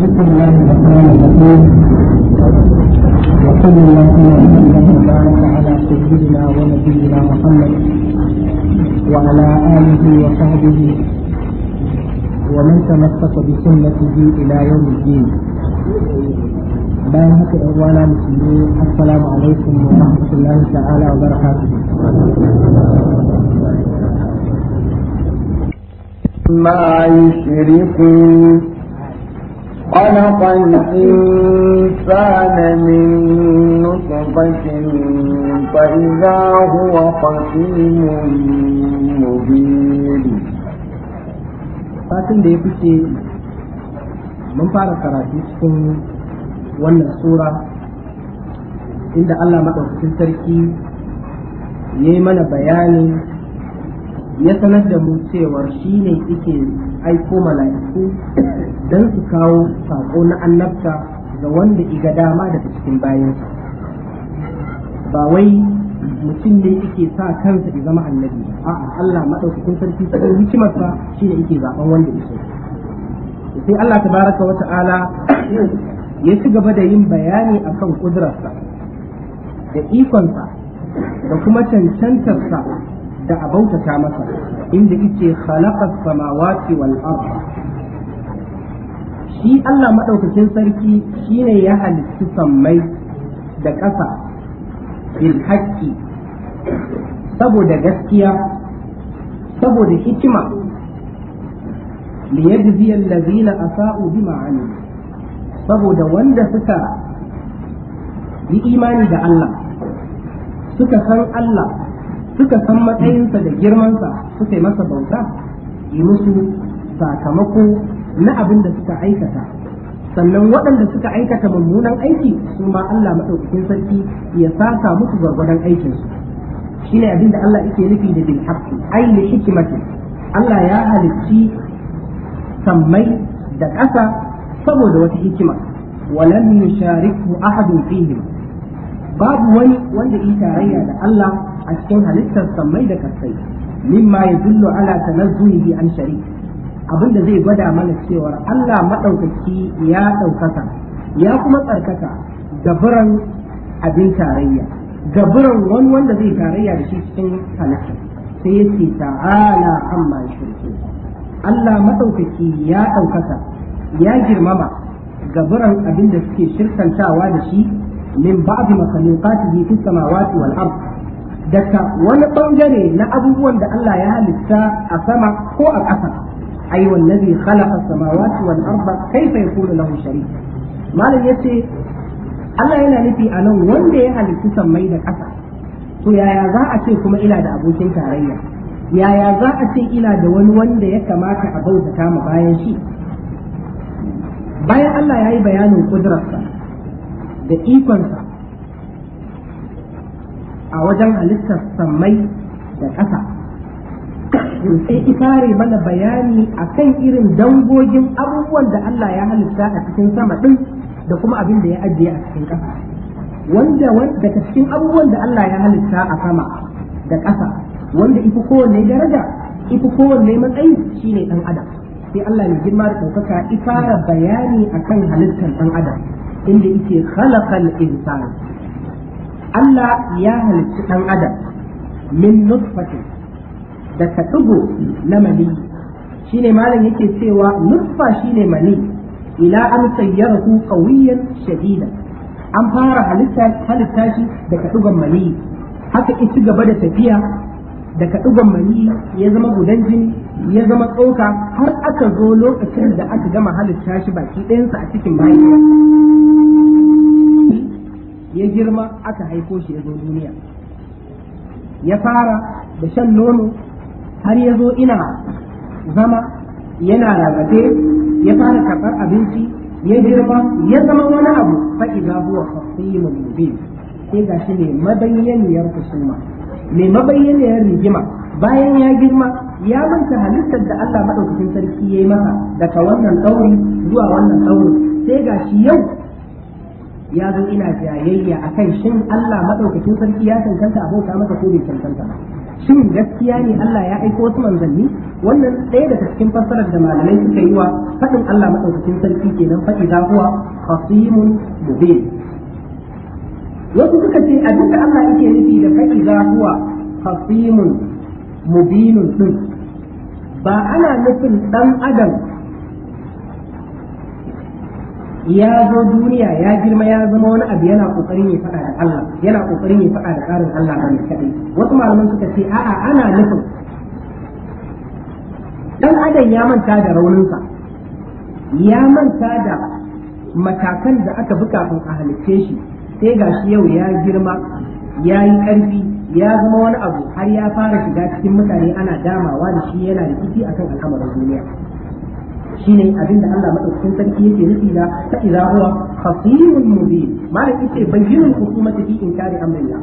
بسم الله الرحمن الرحيم وصلى اللهم وسلم وبارك على سيدنا ونبينا محمد وعلى اله وصحبه ومن تمسك بسنته الى يوم الدين bayan haka ‘yan uwana musulmi assalamu alaikum wa rahmatullahi ta'ala wa barakatuhu ما يشركون خلق الإنسان من نطفة فإذا هو خصيم مبين فاتن دي بكي من فارق كراتيكم wannan sura inda Allah maɗaukakin sarki ya yi mana bayani ya sanar da mu cewar shi ne ike aiko mala'iku don su kawo saƙo na annabta ga wanda iga dama daga cikin bayansa ba wai mutum ne yake sa kansa ya zama annabi a'a Allah madaukakin sarki ɗan hikimarsa shi ne yake zaɓen wanda yake sai Allah Ta baraka wa ta'ala ya ci gaba da yin bayani akan kudurarsa da ikonsa da kuma cancantarsa da a bautata masa inda yake khalaqas samawati wal ard shi Allah madaukakin sarki shine ya halitta sammai da ƙasa bil haqqi saboda gaskiya saboda hikima liyajzi allazina asa'u bima amilu saboda wanda suka yi imani da Allah suka san Allah suka san matsayinsa da girmansa suka yi masa bauta yi musu sakamako na abin da suka aikata sannan waɗanda suka aikata mummunan aiki su ma Allah maɗaukakin sarki ya saka musu gwargwadon aikinsu shine abin da Allah yake nufi da bin haqqi ai li hikmati Allah ya halicci sammai da ƙasa saboda wata hikima walam yusharikhu ahadun fihim babu wani wanda yi tarayya da Allah a cikin halittar sammai da kasai mimma yadullu ala ta tanazzuhi an shari abin da zai gwada mana cewar Allah maɗaukaki ya ɗaukaka ya kuma tsarkaka gaburan abin tarayya gaburan wani wanda zai tarayya da shi cikin halittar sai ya ce ta'ala amma shirki Allah maɗaukaki ya ɗaukaka ya girmama gaburan abin da suke shirkantawa da shi min ba'd makhluqatihi fi samawati wal ard daga wani bangare na abubuwan da Allah ya halitta a sama ko a ƙasa ai wallazi khalaqa samawati wal arda kayfa yakunu lahu sharik malam yace Allah yana nufi a nan wanda ya halitta sammai da ƙasa to yaya za a ce kuma ina da abokin tarayya yaya za a ce ina da wani wanda ya kamata a bautata mu bayan shi bayan Allah ya yi bayanin kudurarsa da ikonsa a wajen halittar sammai da ƙasa sai ikare mana bayani a kan irin dangogin abubuwan da Allah ya halitta a cikin sama ɗin da kuma abin da ya ajiye a cikin ƙasa wanda daga cikin abubuwan da Allah ya halitta a sama da ƙasa wanda ifi kowanne daraja ifi kowanne matsayi shi ne ɗan adam sai Allah mai girma da ɗaukaka ifara bayani a kan halittar ɗan adam inda yake khalaqal insan Allah ya halitta dan adam min nutfati daga tugo na mani shine malam yake cewa nutfa shine mani ila an sayyarahu qawiyyan shadida an fara halitta halitta shi daga tugon mani haka ci gaba da tafiya daga ɗigon mani ya zama gudan jini ya zama tsoka har aka zo lokacin da aka gama halitta shi baki ɗayansa a cikin bayan ya girma aka haiko shi ya zo duniya ya fara da shan nono har ya zo ina zama yana rarrafe ya fara karɓar abinci ya girma ya zama wani abu fa'iza huwa fasimun mubin sai ga shi ne mabayyaniyar kusuma mai mabayyaniyar rigima bayan ya girma ya manta halittar da Allah maɗaukakin sarki ya yi masa daga wannan ɗauri zuwa wannan ɗauri sai ga shi yau ya zo ina jayayya akan shin Allah madaukakin sarki ya cancanta abota masa ko bai cancanta ba shin gaskiya ne Allah ya aiko wasu manzanni wannan ɗaya daga cikin fassarar da malamai suka yi wa faɗin Allah madaukakin sarki kenan faɗi za huwa khasimun mubin wasu suka ce abin da Allah yake nufi da faɗi za huwa khasimun mubinun din ba ana nufin dan adam ya zo duniya ya girma ya zama wani abu yana kokarin ya faɗa da Allah yana kokarin ya faɗa da karin Allah ba ne kadai wasu malaman suka ce a'a ana nufin dan adam ya manta da rauninsa ya manta da matakan da aka bi kafin a halicce shi sai gashi yau ya girma ya yi ƙarfi ya zama wani abu har ya fara shiga cikin mutane ana damawa da shi yana rikici akan al'amarin duniya shine abinda Allah madaukakin sarki yake nufi da ta idza huwa khasirun mubin malaki ce bayyinul hukumati fi inkari amrillah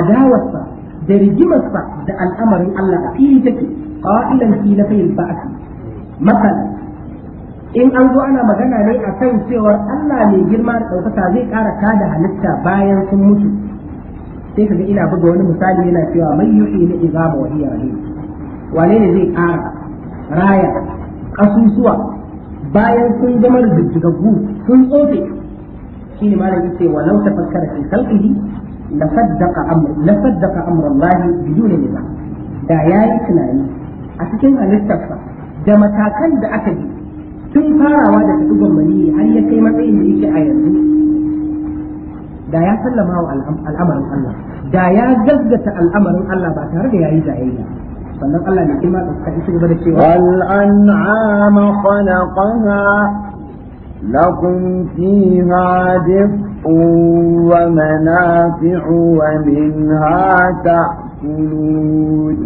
adawarsa da rigimarsa da al'amarin Allah a fili take qailan fi nafil ba'ati masalan in an zo ana magana ne a kan cewar Allah mai girma da ɗaukaka zai ƙara tada halitta bayan sun mutu sai ka ga ina buga wani misali yana cewa mai yuhi na izama wa iya wane ne zai ƙara raya Ƙasusuwa bayan sun zama riddigaggu sun tsofe shi ne malami ce wa lau tafakkara fi khalqihi la saddaqa amr la saddaqa amr Allah biduni nizam da yayi tunani a cikin halittarsa da matakan da aka bi tun farawa da dugon mani har ya kai matsayin da yake a yanzu da ya sallama wa al'amarin Allah da ya gaggata al'amarin Allah ba tare da yayi ba sannan Allah ne kuma ka ci gaba da cewa wal an'am khalaqaha lakum fiha دفء ومنافع ومنها تأكلون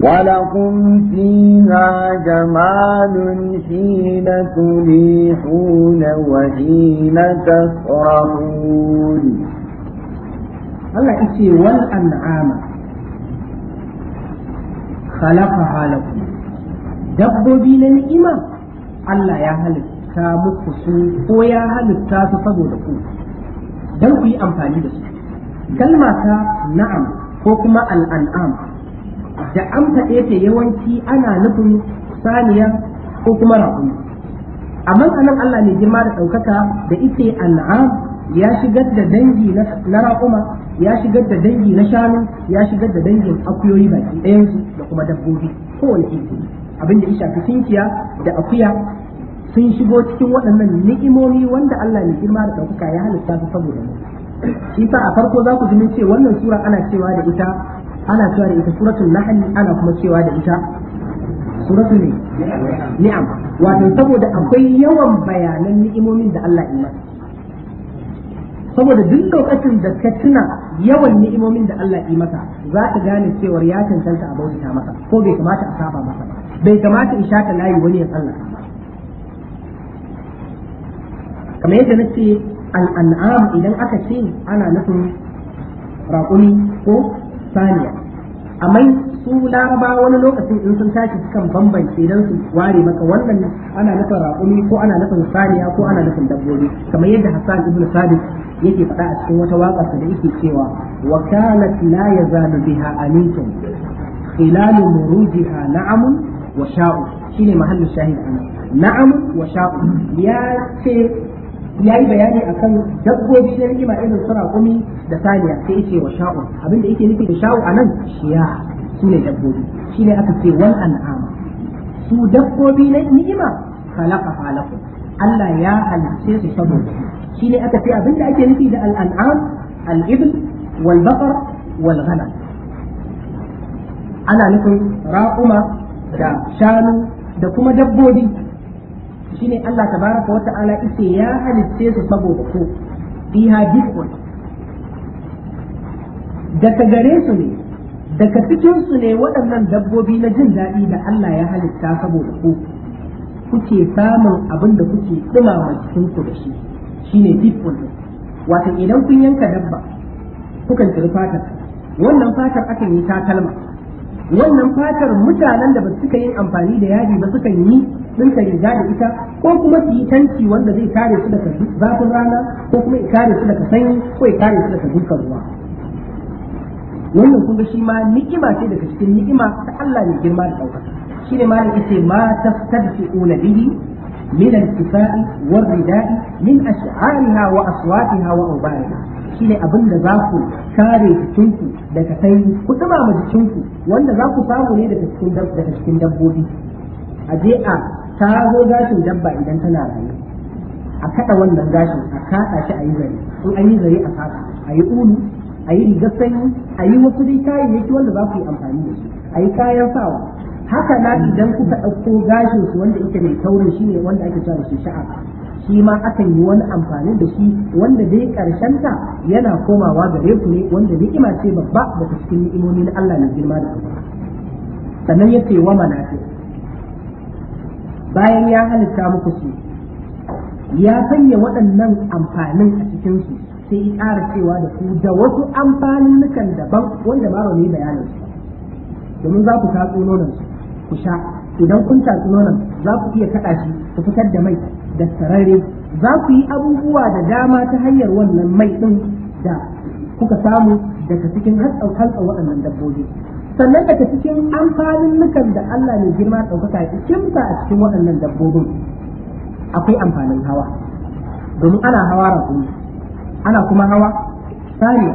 ولكم فيها جمال حين تريحون وحين تسرحون Allah yace wal an'ama khalaqaha lakum dabbobi na ni'ima Allah ya halitta muku su ko ya halitta su saboda ku dan ku yi amfani da su kalma ta na'am ko kuma al'an'am da an faɗe ta yawanci ana nufin saniya ko kuma raƙumi amma anan Allah ne girma da ɗaukaka da ita an'am ya shigar da dangi na raƙuma ya shigar da dangi na shanu ya shigar da dangin akuyoyi baki ɗayansu da kuma dabbobi kowane iri abin da ya shafi tinkiya da akuya sun shigo cikin waɗannan ni'imomi wanda Allah ne girma da ɗaukaka ya halitta su saboda mu shi a farko za ku ji ce wannan sura ana cewa da ita ana cewa da ita suratul nahl ana kuma cewa da ita suratu ne ni'am wato saboda akwai yawan bayanan ni'imomin da Allah ya saboda duk lokacin da ka tuna yawan ni'imomin da Allah yi masa za ka gane cewar ya cancanta a bauta masa ko bai kamata a saba masa ba bai kamata in shata layi wani ya tsallaka ba kamar yadda nace al'an'am idan aka ce ana nufin raƙumi ko saniya amma su laraba wani lokacin in sun tashi sukan bambance dan su ware maka wannan ana nufin raƙumi ko ana nufin saniya ko ana nufin dabbobi kamar yadda Hassan ibn Sabit yake faɗa a cikin wata waƙa da yake cewa wa kanat la yazalu biha amintum خلال مروجها نعم وشاء شيني محل الشاهد أنا نعم Na'am wa Sha'u ya yi bayani akan dabbobi na rigima irin su raƙumi da saniya sai ce wa sha'u abinda yake nufi da sha'u a nan shiya su ne dabbobi shi ne aka ce wal an'am su dabbobi ne ni'ima khalaqa halaku Allah ya halice su saboda shi ne aka ce abinda ake nufi da al an'am al ibn wal baqar wal ghanam ana nufin raƙuma da shanu da kuma dabbobi shi ne Allah tabaraka wa ta'ala ise ya halitte su saboda ku fiha jikun daga gare su ne daga cikinsu ne waɗannan dabbobi na jin daɗi da Allah ya halitta saboda ku kuke samun abin da kuke ɗumama cikinku da shi shine ne. wato idan kun yanka dabba kukan tsiri fatar wannan fatar aka yi ta kalma. wannan fatar mutanen da ba suka yin amfani da yadi ba sukan yi ɗinka riga da ita ko kuma su yi tanki wanda zai kare su daga zafin rana ko kuma ya kare su daga sanyi ko ya kare su daga dukkan ruwa wannan kun ga shi ma ni'ima ce daga cikin ni'ima ta Allah ne girma da ɗaukaka shi ne ma da yake ma tastadfi'una bihi من الكفاء والرداء من hawa وأصواتها وأوبارها shine abin da za ku kare jikinku daga sai ku dumama jikinku wanda za ku samu ne daga cikin daga cikin dabbobi a je a tago gashin dabba idan tana raye a kada wannan gashin a kada shi a yi zare in an yi zare a kada a yi ulu a yi rigar sanyi a yi wasu dai kayayyaki wanda za ku yi amfani da su a yi kayan sawa haka na idan kuka ɗauko gashin su wanda yake mai taurin shi ne wanda ake cewa shi sha'a shi ma aka yi wani amfani da shi wanda dai ta yana komawa gare ku ne wanda ni'ima ce babba da cikin ni'imomi na Allah ne girma da sannan ya ce wa manafi bayan ya halitta muku su ya sanya waɗannan amfanin a cikin su sai ya ƙara cewa da da wasu amfanin nukan daban wanda ba mu yi bayanin su domin za ku tatso nonon ku sha idan kun tatso nonon za ku iya kaɗa shi ku fitar da mai da sarare za ku yi abubuwa da dama ta hanyar wannan mai ɗin da kuka samu daga cikin hantsau waɗannan dabbobi sannan daga cikin amfanin nukan da Allah mai girma ɗaukaka ya kimsa a cikin waɗannan dabbobin akwai amfanin hawa domin ana hawa rakumi ana kuma hawa sariya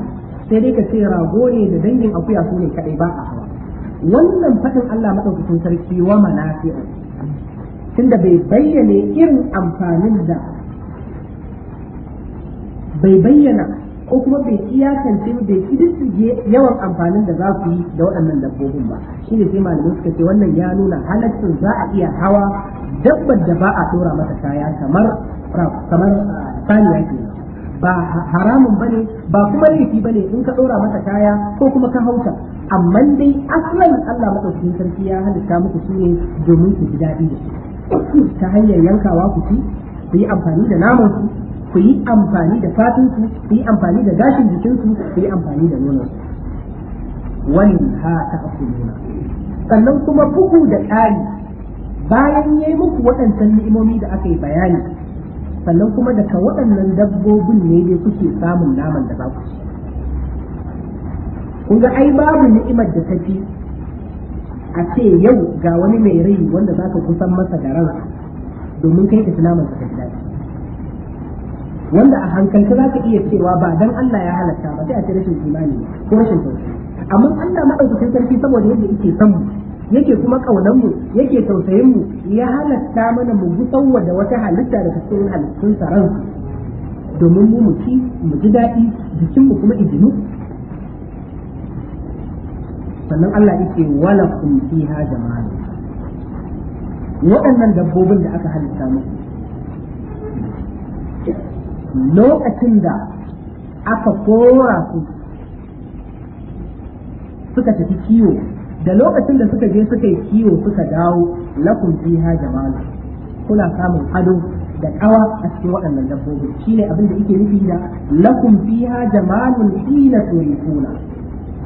sai dai ka ce rago ne da dangin akuya su ne kadai ba a hawa wannan fadin Allah madaukakin sarki wa manafi'u tunda bai bayyana irin amfanin da bai bayyana ko kuma bai iyakance bai kididdige yawan amfanin da za ku yi da waɗannan dabbobin ba shi ne sai malamai suka ce wannan ya nuna halaccin za a iya hawa dabbar da ba a ɗora mata kaya kamar kamar ah, saniya kenan ba haramun bane ba kuma laifi bane in ka dora masa kaya ko kuma ka hauta amma dai aslan Allah madaukakin sarki ya halitta muku su domin ku ji daɗi da su ta hanyar yankawa ku ci ku yi amfani da naman ku yi amfani da fatin ku yi amfani da gashin jikin su ku yi amfani da nono. wani ha ta sannan kuma bugu da ɗari bayan yayi muku waɗancan ni'imomi da aka yi bayani sannan kuma daga waɗannan dabbobin ne dai kuke samun naman da za ku ci kun ga ai babu ni'imar da ta fi a ce yau ga wani mai rai wanda za ka kusan masa da ransa domin kai ka ci naman ka ji daɗi wanda a hankalta za ka iya cewa ba dan Allah ya halatta ba sai a ce rashin imani ko rashin tausayi amma Allah madaukakin sarki saboda yadda yake son mu yake kuma kaunan mu yake tausayin mu ya halatta mana mu gusauwa da wata halitta daga cikin halittun saran domin mu mu mu ji daɗi jikin mu kuma idinu sannan Allah yake wala kun ha jama'a waɗannan dabbobin da aka halitta mu lokacin da aka kora su suka tafi kiwo da lokacin da suka je suka yi kiwo suka dawo lakum fiha jamalu kuna samun ado da kawa a cikin waɗannan dabbobi shine abin da yake nufi da lakum fiha jamalun hina turifuna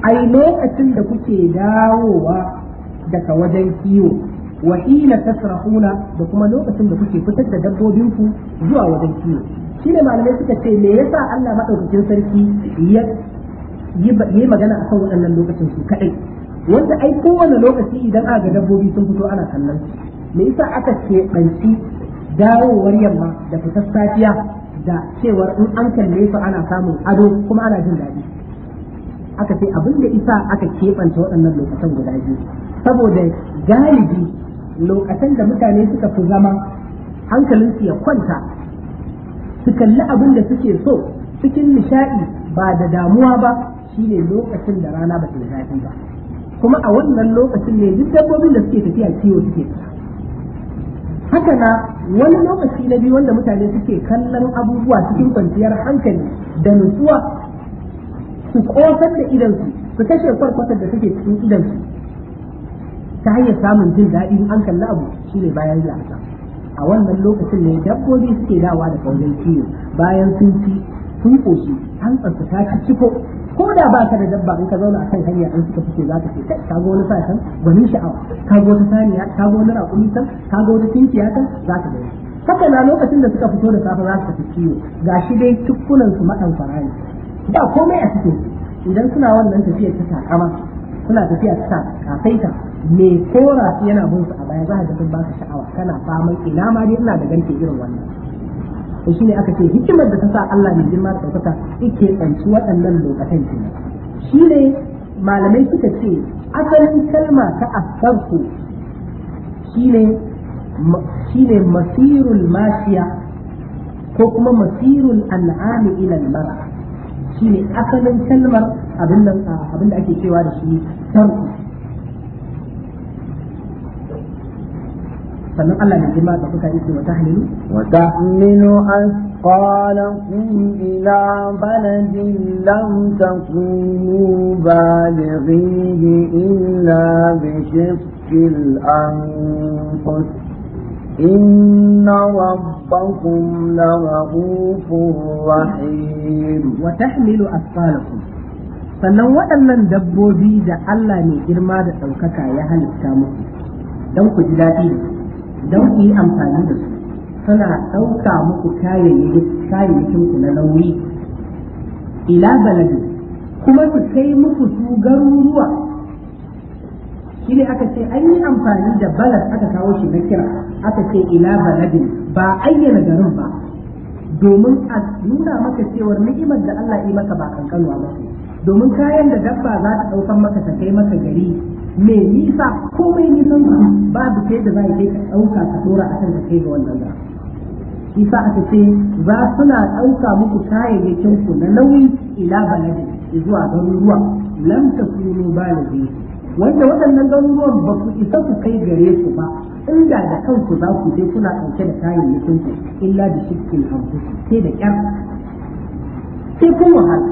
ai lokacin da kuke dawowa daga wajen kiwo wa hina tasrahuna da kuma lokacin da kuke fitar da dabbobinku zuwa wajen kiwo shine malamai suka ce me yasa Allah madaukakin sarki ya yi magana akan waɗannan lokacin su kaɗai? wanda ai kowane lokaci idan aka ga dabbobi sun fito ana kallon me yasa aka ce ɗanci dawowar yamma da fitar safiya da cewar in an kalle su ana samun ado kuma ana jin daɗi aka ce abin da isa aka keɓanta waɗannan lokacin guda biyu saboda galibi lokacin da mutane suka fi zama hankalinsu ya kwanta su kalli abin da suke so cikin nishaɗi ba da damuwa ba shine lokacin da rana ba ta zafi ba kuma a wannan lokacin ne duk dabbobin da suke tafiya kiwo suke haka na wani lokaci na biyu wanda mutane suke kallon abubuwa cikin kwanciyar hankali da nutsuwa su kosar da idansu su kashe kwarkwatar da suke cikin idansu ta hanyar samun jin daɗi in an kalli abu shine bayan la'asa a wannan lokacin ne dabbobi suke dawa da kaunar kiwo bayan sun ci sun koshi an tsantsa ta ciko ko da ba ka da dabba in ka zauna kan hanya in suka fice za ka ce ka ga wani sa gwanin sha'awa ka ga wani saniya ka ga wani raƙumi kan ka ga wani tinkiya kan za ka gani haka na lokacin da suka fito da safe za su tafi kiwo gashi dai tukkunan su madan farani ba komai a cikin idan suna wannan tafiyar ta takama suna tafiya ta kafaita me kora yana bin su a baya za ka ga sun ba su sha'awa kana faman ina ma dai ina da ganke irin wannan to shine aka ce hikimar da ta sa Allah mai girma da ɗaukaka yake tsanci waɗannan lokacin Shi shine malamai suka ce asalin kalma ta asarku shine shine masirul mashiya ko kuma masirul an'ami ila al-mar'a shine asalin kalmar abin da ake cewa da shi tarku sannan Allah ne girma da kuka yi wa tahlilu wa tahmilu asqalakum ila baladin lam takunu balighihi illa bi shiqqil anfus إن ربكم لرؤوف رحيم وتحمل أثقالكم sannan waɗannan dabbobi da Allah mai girma da ɗaukaka ya halitta muku don ku ji daɗi don ku yi amfani da su suna ɗauka muku kayayyakin ku na nauyi ila baladi kuma su kai muku su garuruwa shi ne aka ce an yi amfani da balad aka kawo shi na kira aka ce ila baladin ba ayyana garin ba domin a nuna maka cewar ni'imar da Allah yi maka ba kankanuwa ba domin kayan da dabba za ta ɗaukan maka ta kai maka gari me nisa ko mai nisan su babu ke da za a ɗauka ka tura a kan kai ga wannan ba. isa aka ce za suna ɗauka muku kayayyakin ku na nauyi ila baladi zuwa garuruwa lam da baladi wanda waɗannan garuruwan ba ku isa ku kai gare su ba inda da kanku za ku je kuna ɗauke da kayayyakin ku illa da shirkin hamsin sai da ƙyar sai kun wahala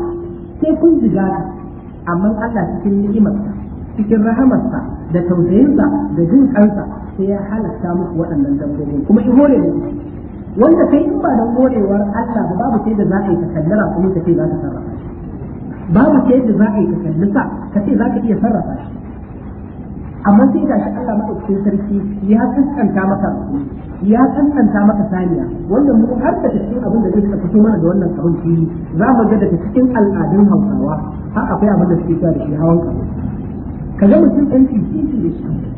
sai kun jigara amma Allah cikin ni'imarsa cikin rahamarsa da tausayinsa da jin kansa sai ya halatta muku waɗannan dabbobin kuma in hore ne wanda kai in ba don horewar Allah ba babu sai da za a yi ka kallara kuma ka ce za ka sarrafa shi babu sai da za a yi ka kallisa ka ce za ka iya sarrafa shi amma sai ga shi Allah maɗaukakin sarki ya kaskanta maka ya kaskanta maka saniya wanda mu har da cikin abin da zai fito mana da wannan abin fili za mu ga daga cikin al'adun Hausawa har akwai abin da suke cewa da shi hawan kabo ka ga mutum ɗan titi da shi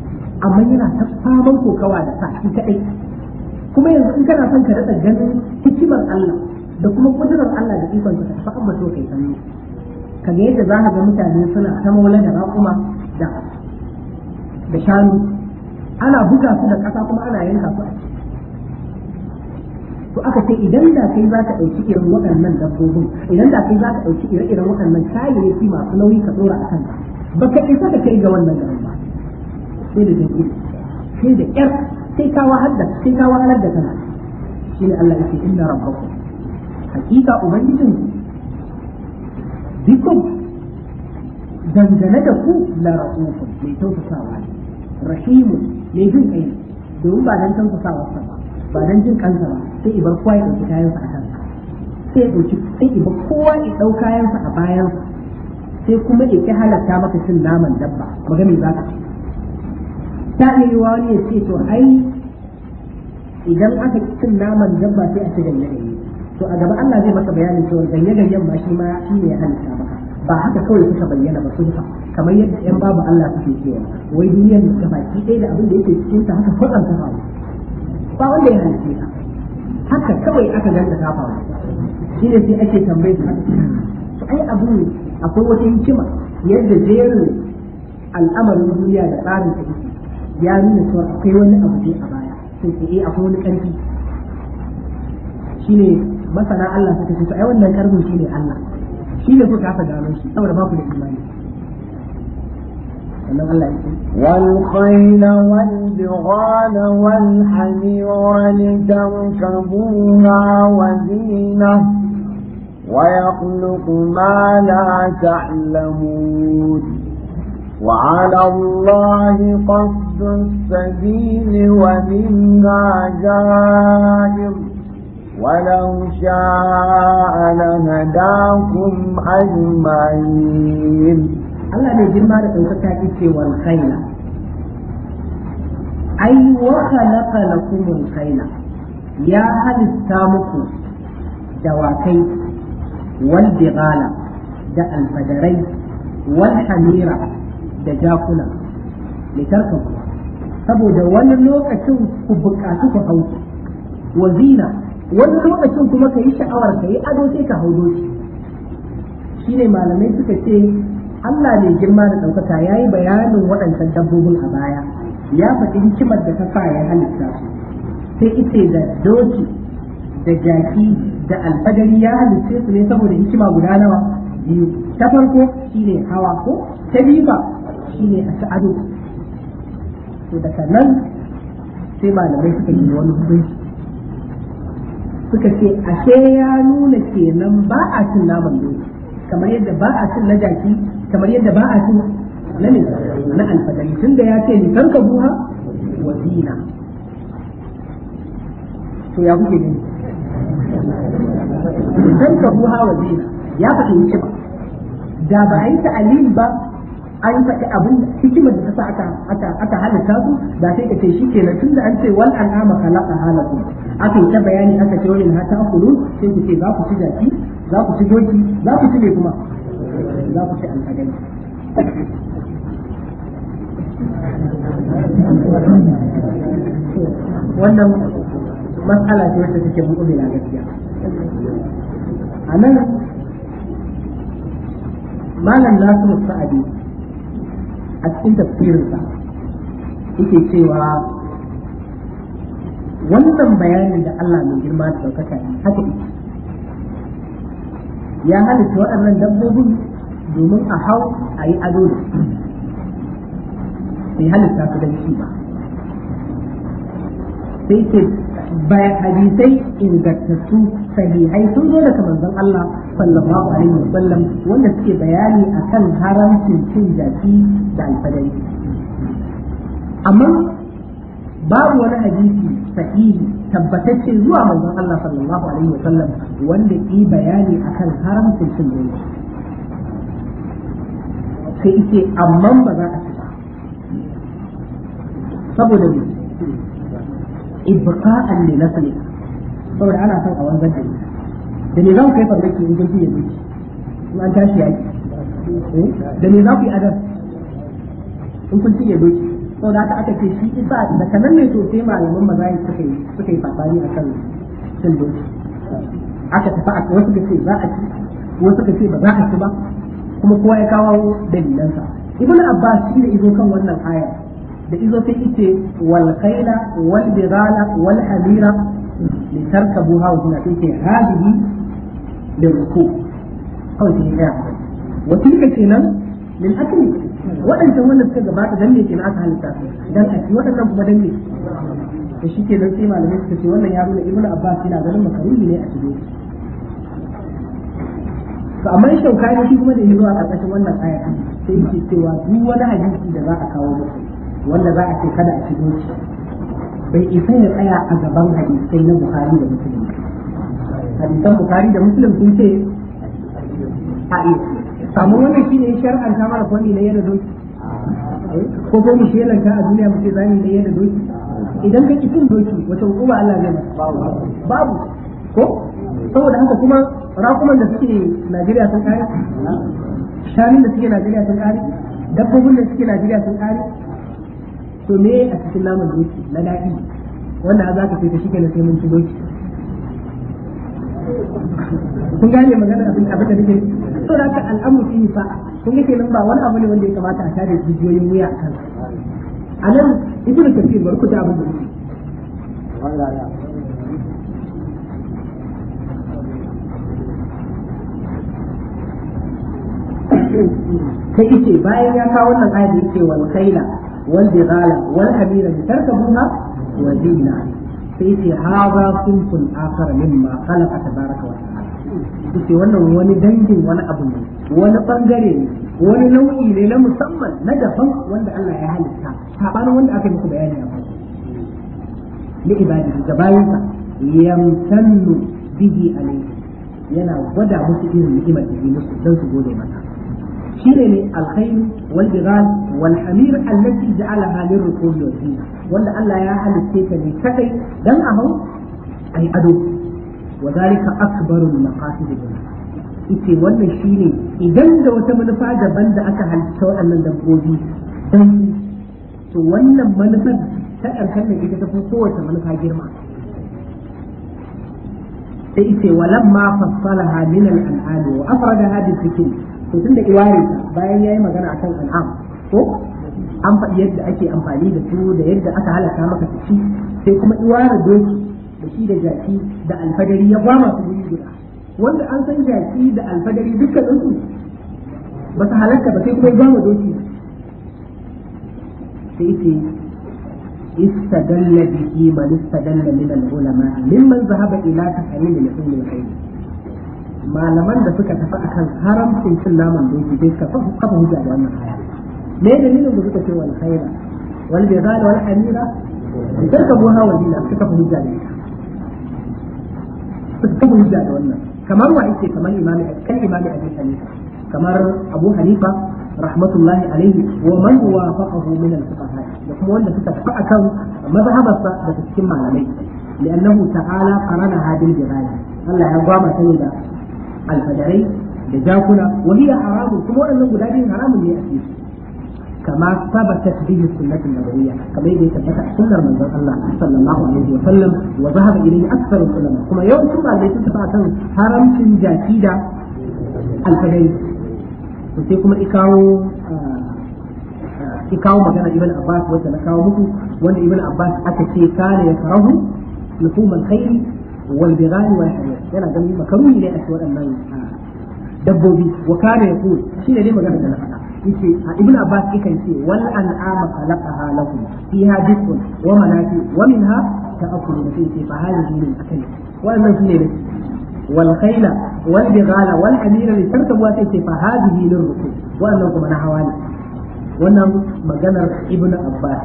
amma yana ta faman kokawa da sa shi kaɗai kuma yanzu in kana son ka rasa ganin hikimar Allah da kuma kudurar Allah da ikon ka fa amma so kai sanni ka ga yadda za ka ga mutane suna ta maula da raƙuma da da shanu ana buga su da ƙasa kuma ana yanka su a to aka ce idan da kai za ka ɗauki irin waɗannan dabbobin idan da kai za ka ɗauki ire-iren waɗannan kayayyaki masu nauyi ka ɗora a kanka baka isa ka kai ga wannan garin ba sai da take sai da ƴar sai ka wahadda sai ka wahalar da kana shi ne Allah yake inna rabbakum hakika ubangijin bikum dangane da ku la rahufun mai tausasawa ne rahimu mai jin kai domin ba dan tausasawa ba ba dan jin kansa ba sai ibar kowa ya dauki kayansa a kansa sai ya dauki sai ibar kowa ya dauki kayansa a bayansa sai kuma ya ki halatta maka cin naman dabba maga me zaka ta iya yi wa wani ya ce to ai idan aka cin naman dabba sai a ci ganye ganye to a gaba Allah zai maka bayanin cewa ganye ganyen ma shi ma shi ne ya halitta maka ba haka kawai suka bayyana ba sun fa kamar yadda yan babu Allah suke cewa wai duniyar da baki ɗaya da abin da yake cikin ta haka kwatsam ta faru ba wanda ya halitta ka haka kawai aka ganta ta faru shi ne sai ake tambayar ai abin akwai wata hikima yadda jerin al'amarin duniya da tsarin ta yake ya nuna cewa akwai wani abu ne a baya sai ce eh akwai wani karfi shine masana Allah suka ce to ai wannan karfin shine Allah shine kuka aka gano shi saboda ba ku da imani والخيل والبغال والحمير لتركبوها وزينه ويخلق ما لا تعلمون وعلى الله قصد السبيل ومنها جائر ولو شاء لهداكم أجمعين Allah ne girma da ɗaukaka ki ce wal khaila ai wa khalaqa ya halitta muku dawakai wal bighala da alfadarai wal hamira da jakuna litarkan saboda wani lokacin ku buƙatu ku hau wa wani lokacin kuma ka yi sha'awar ka yi ado sai ka hau doki shine malamai suka ce Allah ne girma da ɗaukaka ya yi bayanin waɗancan dabbobin a baya ya faɗi hikimar da ta sa ya halitta su sai ita da doki da jaki da alfadari ya halitta su ne saboda hikima guda nawa biyu ta farko shine hawa ko ta biyu ba shine a sa'adu to daga nan sai malamai suka yi wani hukunci suka ce ashe ya nuna kenan ba a cin naman doki kamar yadda ba a cin na jaki kamar yadda ba a cin na ne na alfadari tunda ya ce ni kanka buha wa wazina to ya kuke gani dan ka buha wa zina ya faɗi ba da ba a yi ta'alim ba an faɗi abin hikimar da ta sa aka aka aka halitta su da sai ka ce shi ke na tun da an ce wal an'ama khalaqa halakum aka yi ta bayani aka ce wani hata akulun sai ku ce za ku ci jaki za ku ci doki za ku ci me kuma za ku ci alƙadai wannan matsala ce wacce take mu'mina gaskiya a nan malam nasiru sa'adi a cikin tafsirinsa yake cewa wannan bayanin da Allah mai girma da ɗaukaka ne haka ita ya halitta waɗannan dabbobin domin a hau a yi ado da su sai halitta su don shi ba sai ke bayan hadisai ingantattu sahihai sun zo daga manzon Allah sallallahu alaihi wasallam wanda suke bayani akan haramcin cin jaki da alfadari amma babu wani hadisi sahihi tabbatacce zuwa manzon Allah sallallahu alaihi wasallam wanda yi bayani akan haramcin cin jaki sai ike amma ba za a ci ba saboda ibqa'an li nafsi saboda ana son a wanzar da da me za ku kai farmaki in gurbi ya zuci in an tashi yaki da me za ku yi adam in kun ci ya zuci saboda haka aka ce shi ba da kanan ne sosai malaman mazayi suka yi suka yi a akan cin doki aka tafi a wasu ka ce za a ci wasu ka ce ba za a ci ba kuma kowa ya kawo dalilansa ibnu abbas shi da izo kan wannan aya da izo sai ite wal khayla wal bighala wal hamira li tarkabuha wa kuna take hadihi lil ruku kawai sai ya wa tilka kenan lil akli waɗancan wanda suka gabata dan ne kenan aka halitta dan a ci waɗannan kuma dan ne to shi ke nan sai malamai suka ce wannan ya nuna ibnu abbas yana ganin makaruni ne a cikin to amma shaukani shi kuma da yi zuwa ƙarƙashin wannan aya sai yake cewa duk wani hadisi da za a kawo musu wanda za a ce kada a shigo shi bai isa ya tsaya a gaban hadisai na Bukhari da Muslim hadisan Bukhari da Muslim sun ce a amma wannan shine ya shar'anta mana kwani na yadda doki ko ko mu shelanta a duniya mu ce zamu da yadda doki idan ka cin doki wata hukuma Allah ne babu ko saboda haka kuma rakuman da suke Najeriya sun kare shanun da suke Najeriya sun kare dabbobin da suke Najeriya sun kare to me a cikin naman doki na daɗi wanda za ka fita shi na sai mun ci doki kun gane magana abin abin da nake to da ka al'amu shi fa kun ga nan ba wani abu ne wanda ya kamata a tare jijiyoyin wuya a kan a nan ibn kafir bar ku da abin da ta ce bayan ya kawo wannan ayat da yake wal khaila والبغال والحبير لتركبوها وزينة فيتي هذا صنف آخر مما خلق تبارك وتعالى yace wannan wani dangin wani abu ne wani bangare ne wani nau'i ne na musamman na daban wanda Allah ya halitta sabanin wanda aka yi muku bayani a farko li ibadi ga bayansa yamtannu bihi alayhi yana gwada musu irin ni'imar da musu dan su gode mata. shine alkhayl wal jibal wal hamir allati ja'alaha lirrukub wanda Allah ya halitta ta ne kadai dan a hau ai ado wa zalika akbaru maqasid ite wannan shine idan da wata manufa daban da aka halitta waɗannan dabbobi dan to wannan manufar ta ƙarshen ne ita ta fi kowace manufa girma sai ita walamma fassalaha min al-an'am wa afradaha bi dhikri to tun da iwarin bayan yayi magana akan al'am ko an faɗi yadda ake amfani da su da yadda aka halaka maka su ci sai kuma iwara doki da shi da jaki da alfadari ya gwama su guri guda wanda an san jaki da alfadari dukkan su ba su halarta ba sai kuma gwama doki sai ce استدل به من استدل من العلماء ممن ذهب الى تحريم لحوم الخيل malaman da suka tafi akan haramcin cin naman doki dai suka kafa hujja da wannan aya me dalilin da suka ce wal khaira wal bizal wal hamira tarkabuha wa dina suka kafa hujja da ita suka kafa hujja da wannan kamar wa yake kamar imami kan imami Abu Hanifa kamar Abu Hanifa rahmatullahi alaihi wa man wafaqahu min al-fuqaha da kuma wanda suka tafi akan mazhabarsa da cikin malamai لأنه تعالى قرنها بالجبال الله يقوم سيدا alfajarai da jakuna wani ya haramu kuma wannan guda biyun haramu ne a cikin kama sabata bihi sunnati nabawiyya kamar yadda ya tabbata a sunnar manzon Allah sallallahu alaihi wa sallam wa zahaba ilayhi aktsaru ulama kuma yau sun ba sun tafi kan haramcin jaki da alfajarai to sai kuma ikawo ki ah, ah, kawo magana ibn abbas wanda na kawo muku wanda ibn abbas aka ce kana ya karahu lufuman khairi wal bighan wal yana ganin makaruni ne a cikin waɗannan ah, dabbobi wa kana yaqul shi ne magana da lafa yace a ibn abbas yakan ce wal an'ama khalaqaha lakum fiha dikun wa manati wa minha ta'kulun fi fi fa hadhihi min akli wa ne wal khayla wal na wannan maganar ibn abbas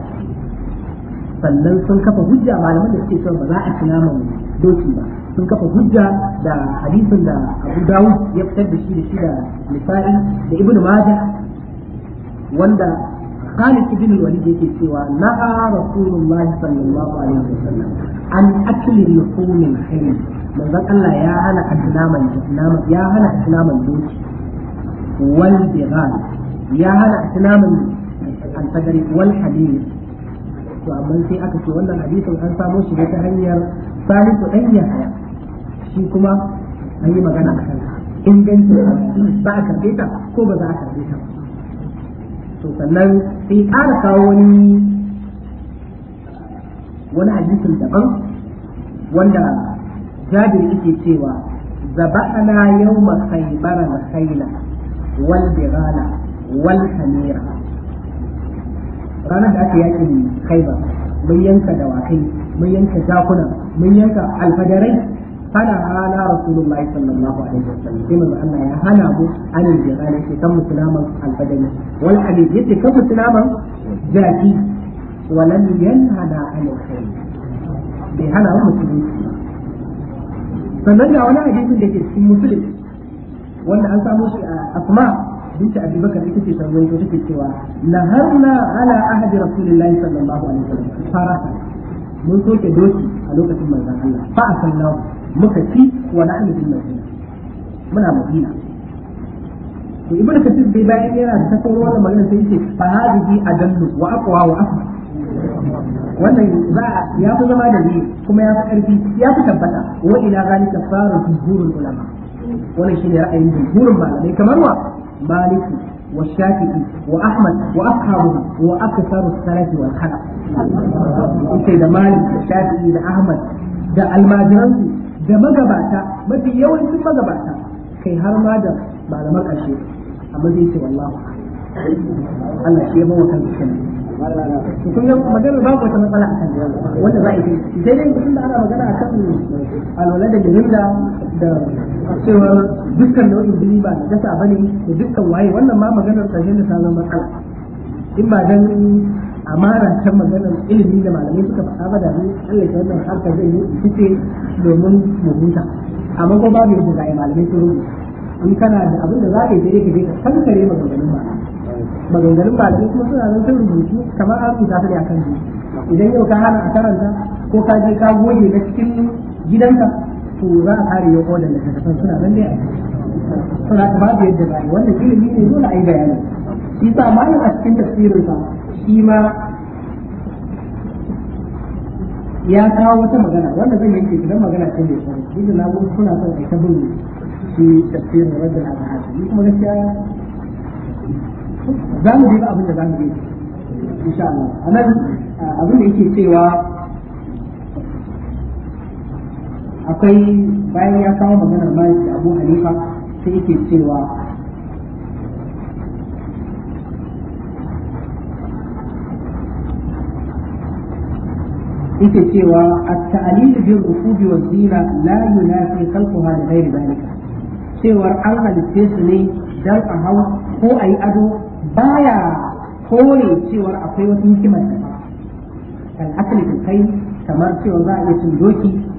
sannan sun kafa hujja malaman da suke son ba za a ci naman doki ba sun kafa hujja da hadisin da Abu Dawud ya fitar da shi da shi da Nisa'i da Ibn maja. wanda Khalid ibn al-Walid yake cewa na'a Rasulullahi sallallahu alaihi wasallam an akli luhum al-khayl manzon Allah ya hana naman naman ya hana naman doki wal bighal ya hana naman al-fajr wal hadid to amma sai aka ce wannan hadisin an samo shi ne ta hanyar salisu dan yahaya shi kuma an yi magana a kansa ingancin ba a karbe ta ko ba za a karbe ta ba to sannan sai ƙara kawo wani wani hadisin daban wanda jabir yake cewa zaba'ana yawma khaybar al-khayla wal bighala wal hamira ranar da aka yakin khaibar mun yanka dawakai mun yanka jakuna mun yanka alfadarai fana hana rasulullahi sallallahu alaihi wasallam sai manzo Allah ya hana mu an jirani sai kan musulman alfadari wal hadith yace kan musulaman jaki walam yanhada an khair bai hana mu musulunci sannan da wani hadisin da ke cikin musulun wanda an samu shi a asma بنت أبي بكر تكتي تقول تكتي سوى نهرنا على عهد رسول الله صلى الله عليه وسلم فرحا من توك دوشي ألوك ثم الله فأصلنا مكتي ونحن في المدينة muna madina to ibnu kasir bai bayan yana da tasawur wannan magana sai yace fa hadhihi adallu wannan za ya fi zama da ni kuma ya fi ƙarfi ya fi tabbata wa ila zalika saru jumhurul ulama wannan shine ra'ayin jumhurin malamai kamar wa مالك والشافعي وأحمد وأصحابه وأكثر السلف والخلف سيد مالك والشافعي وأحمد ده الماجران ده مجبعتا ما في يوم في مجبعتا كي هر ما ده بعد ما قشي أما زي سوى الله الله شيء ما وكان بسنه kun yau maganar babu wata matsala a kan wanda za a yi daidai inda ana magana a kan alwala da da cewa dukkan nau'in jini ba da ba ne da dukkan waye wannan ma maganar ƙarshen da ta zama matsala in ba dan amara ta maganar ilimi da malamai suka faɗa ba da ni Allah ya wannan harka zai yi fice domin mu huta amma ko babu yadda zai malamai su rubuta in kana da abin da za ka yi dai ka je ka kankare maganganun ba maganganun ba kuma suna nan sun rubutu kamar an rubuta ta ne akan idan yau ka hana a karanta ko ka je ka goge na cikin gidanka to za a kare yau odan da kasafan suna nan dai suna ta babu yadda ba wanda ilimi ne dole a yi bayani shi sa malam a cikin tafsirin sa shi ma ya kawo wata magana wanda zan yi yanke idan magana ta mai tsari shi da na gudu suna son a yi ta bin shi tafsirin rajin al'ahadi ni kuma gaskiya za mu je ba abin da za mu je insha Allah a nan abin da yake cewa akwai bayan ya kawo maganar malik abu hanifa sai yake cewa yake cewa at-ta'lil bil wa zina la yunafi khalquha da ghairi dhalika cewar an halitte su ne dan a hau ko ayi ado baya kore cewar akwai wata hikimar da al kai kamar cewa za a iya cin doki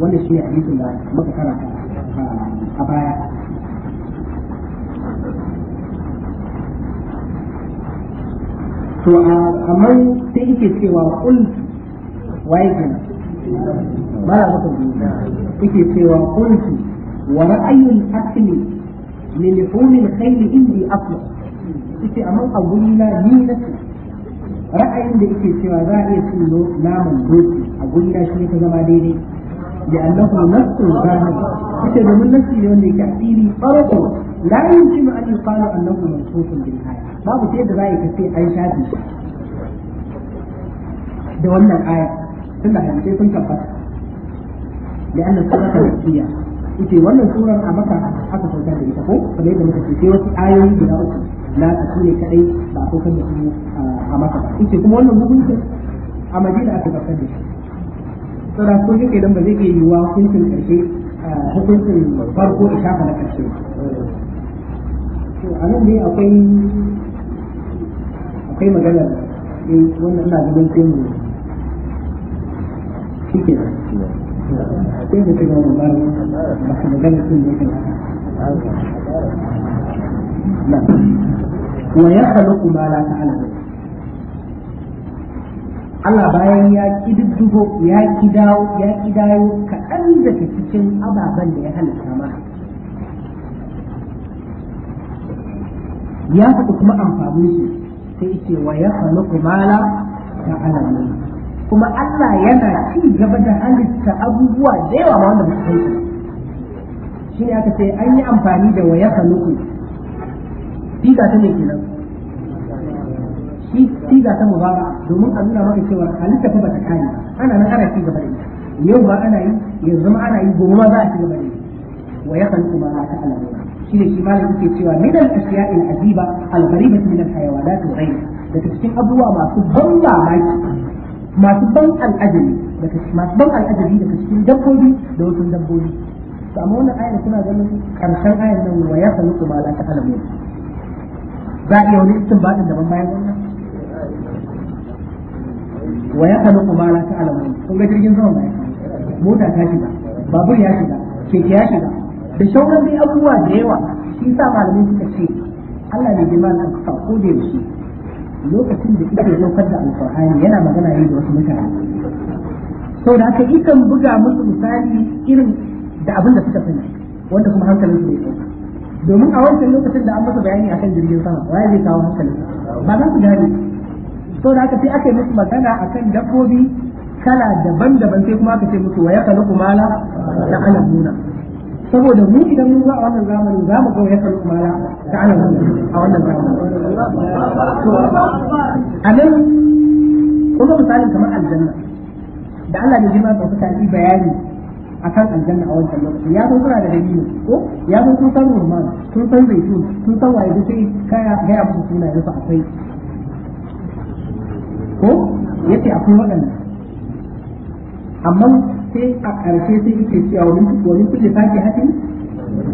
wanda shi ne hadisin da muka karanta a baya to a kamar sai yake cewa kul waye kana ba ya mutum yake cewa kuntu wa ra'ayul akli min hulil khayl indi afla yace amma a gurina ni na ra'ayin da yake cewa za a iya cin naman doki a gurina shi ne ta zama daidai لأنه نفس ظاهر حتى من نفس يولي تأثيري فرقه لا يمكن أن يقال أنه منصوص بالآية باب كيف رأيك في أي شاذ ده ولا الآية ثم هنسي كنت فقط لأن الصورة نفسية ita wannan surar a maka aka sauka da ita ko kamar yadda muka ce sai wasu ayoyi guda uku na su ne kadai ba a saukar da su a maka ba kuma wannan hukuncin a madina aka saukar da shi tsara kun yake idan ba zai ke yiwa hukuncin karshe eh, hukuncin farko da shafa na karshe a nan dai akwai akwai maganar eh, wannan ina gudun mu ke mu ci da ويخلق ما لا Allah bayan ya kididdigo ya kidawo ya kidayo kaɗan daga cikin ababen da ya halitta ma ya faɗi kuma amfani shi sai ce wa ya khalaqa mala ta alamu. kuma Allah yana ci gaba da halitta abubuwa da yawa ma wanda ba su shi ne aka ce an yi amfani da wa ya khalaqa diga ta ne kenan shi siga ta mubara domin a nuna maka cewa halitta fa bata kare ana nan ana ci gaba da ita yau ba ana yi yanzu ma ana yi gobe ma za a ci gaba da ita wa ya khalqu ma la ta'lamu shi ne shi malam yake cewa min al-ashiya al-ajiba al-gharibati min al-hayawanat wa ghayriha daga cikin abubuwa masu ban mamaki masu ban al'ajabi daga masu ban al'ajabi daga cikin dabbobi da wasu dabbobi to amma wannan ayar kuna ganin karshen ayar nan wa ya khalqu ma la ta'lamu ba iya wani istinbadin daban bayan wannan wa ya kalu ma ta alamu kun ga jirgin zama mai mota ta shiga babur ya shiga keke ya shiga da shauran dai abubuwa da yawa shi sa malamai suka ce Allah ne jima na kusa ko da yaushe lokacin da ita daukar da alfahari yana magana yi da wasu mutane da haka ikan buga musu misali irin da abin da suka sani wanda kuma hankalin su bai domin a wancan lokacin da an masa bayani akan jirgin sama waya zai kawo hankalin ba za su gane to da aka sai ake musu magana akan dabbobi kala daban-daban sai kuma aka ce musu wa yakhluqu ma la nuna saboda mu idan mun zo a wannan zamanin za mu ga ya kalu mala nuna a wannan zamanin a nan kuma misalin kamar aljanna da Allah ne jima ba suka yi bayani akan aljanna a wancan lokaci ya san kuna da dalili ko ya san kun san rumman kun san zaitun kun san waye sai kaya ga ya muku sunayen su akwai ko yace akwai waɗannan amma sai a ƙarshe sai yake cewa wani wani kulle sake hatin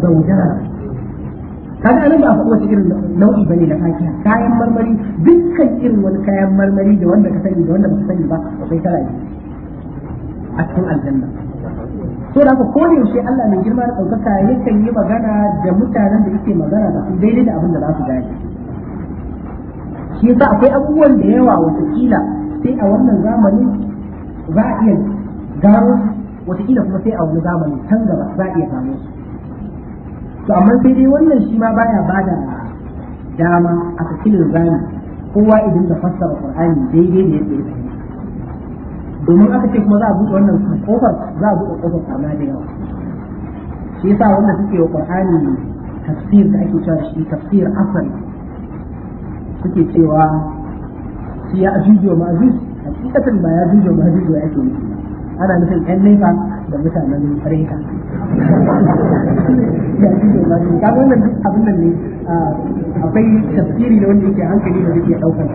zaujara kaga anan ba kowace irin nau'i bane da sake kayan marmari dukkan irin wani kayan marmari da wanda ka sani da wanda ba ka sani ba akwai kala a cikin aljanna so da ko da yaushe Allah mai girma da ɗaukaka yakan yi magana da mutanen da yake magana da su daidai da abin da za su gane shi yasa akwai abubuwan da yawa watakila sai a wannan zamanin za a iya gano watakila kuma sai a wani zamani can gaba za a iya gano su to amma sai dai wannan shi ma baya bada dama a cikin zani kowa idan da fassara qur'ani daidai ne yake fahimta domin aka ce kuma za a buɗe wannan kofar za a buɗe kofar kama da yawa shi yasa wannan suke wa qur'ani tafsir da ake cewa shi tafsir asali suke cewa shi ya ajuju wa ma'ajuj hakikatan ba ya ajuju wa ma'ajuj ya ke nufi ana nufin yan nefa da mutanen reka ya ajuju wa ma'ajuj kaga wannan duk abin nan ne akwai tafsiri da wanda yake hankali da zai daukar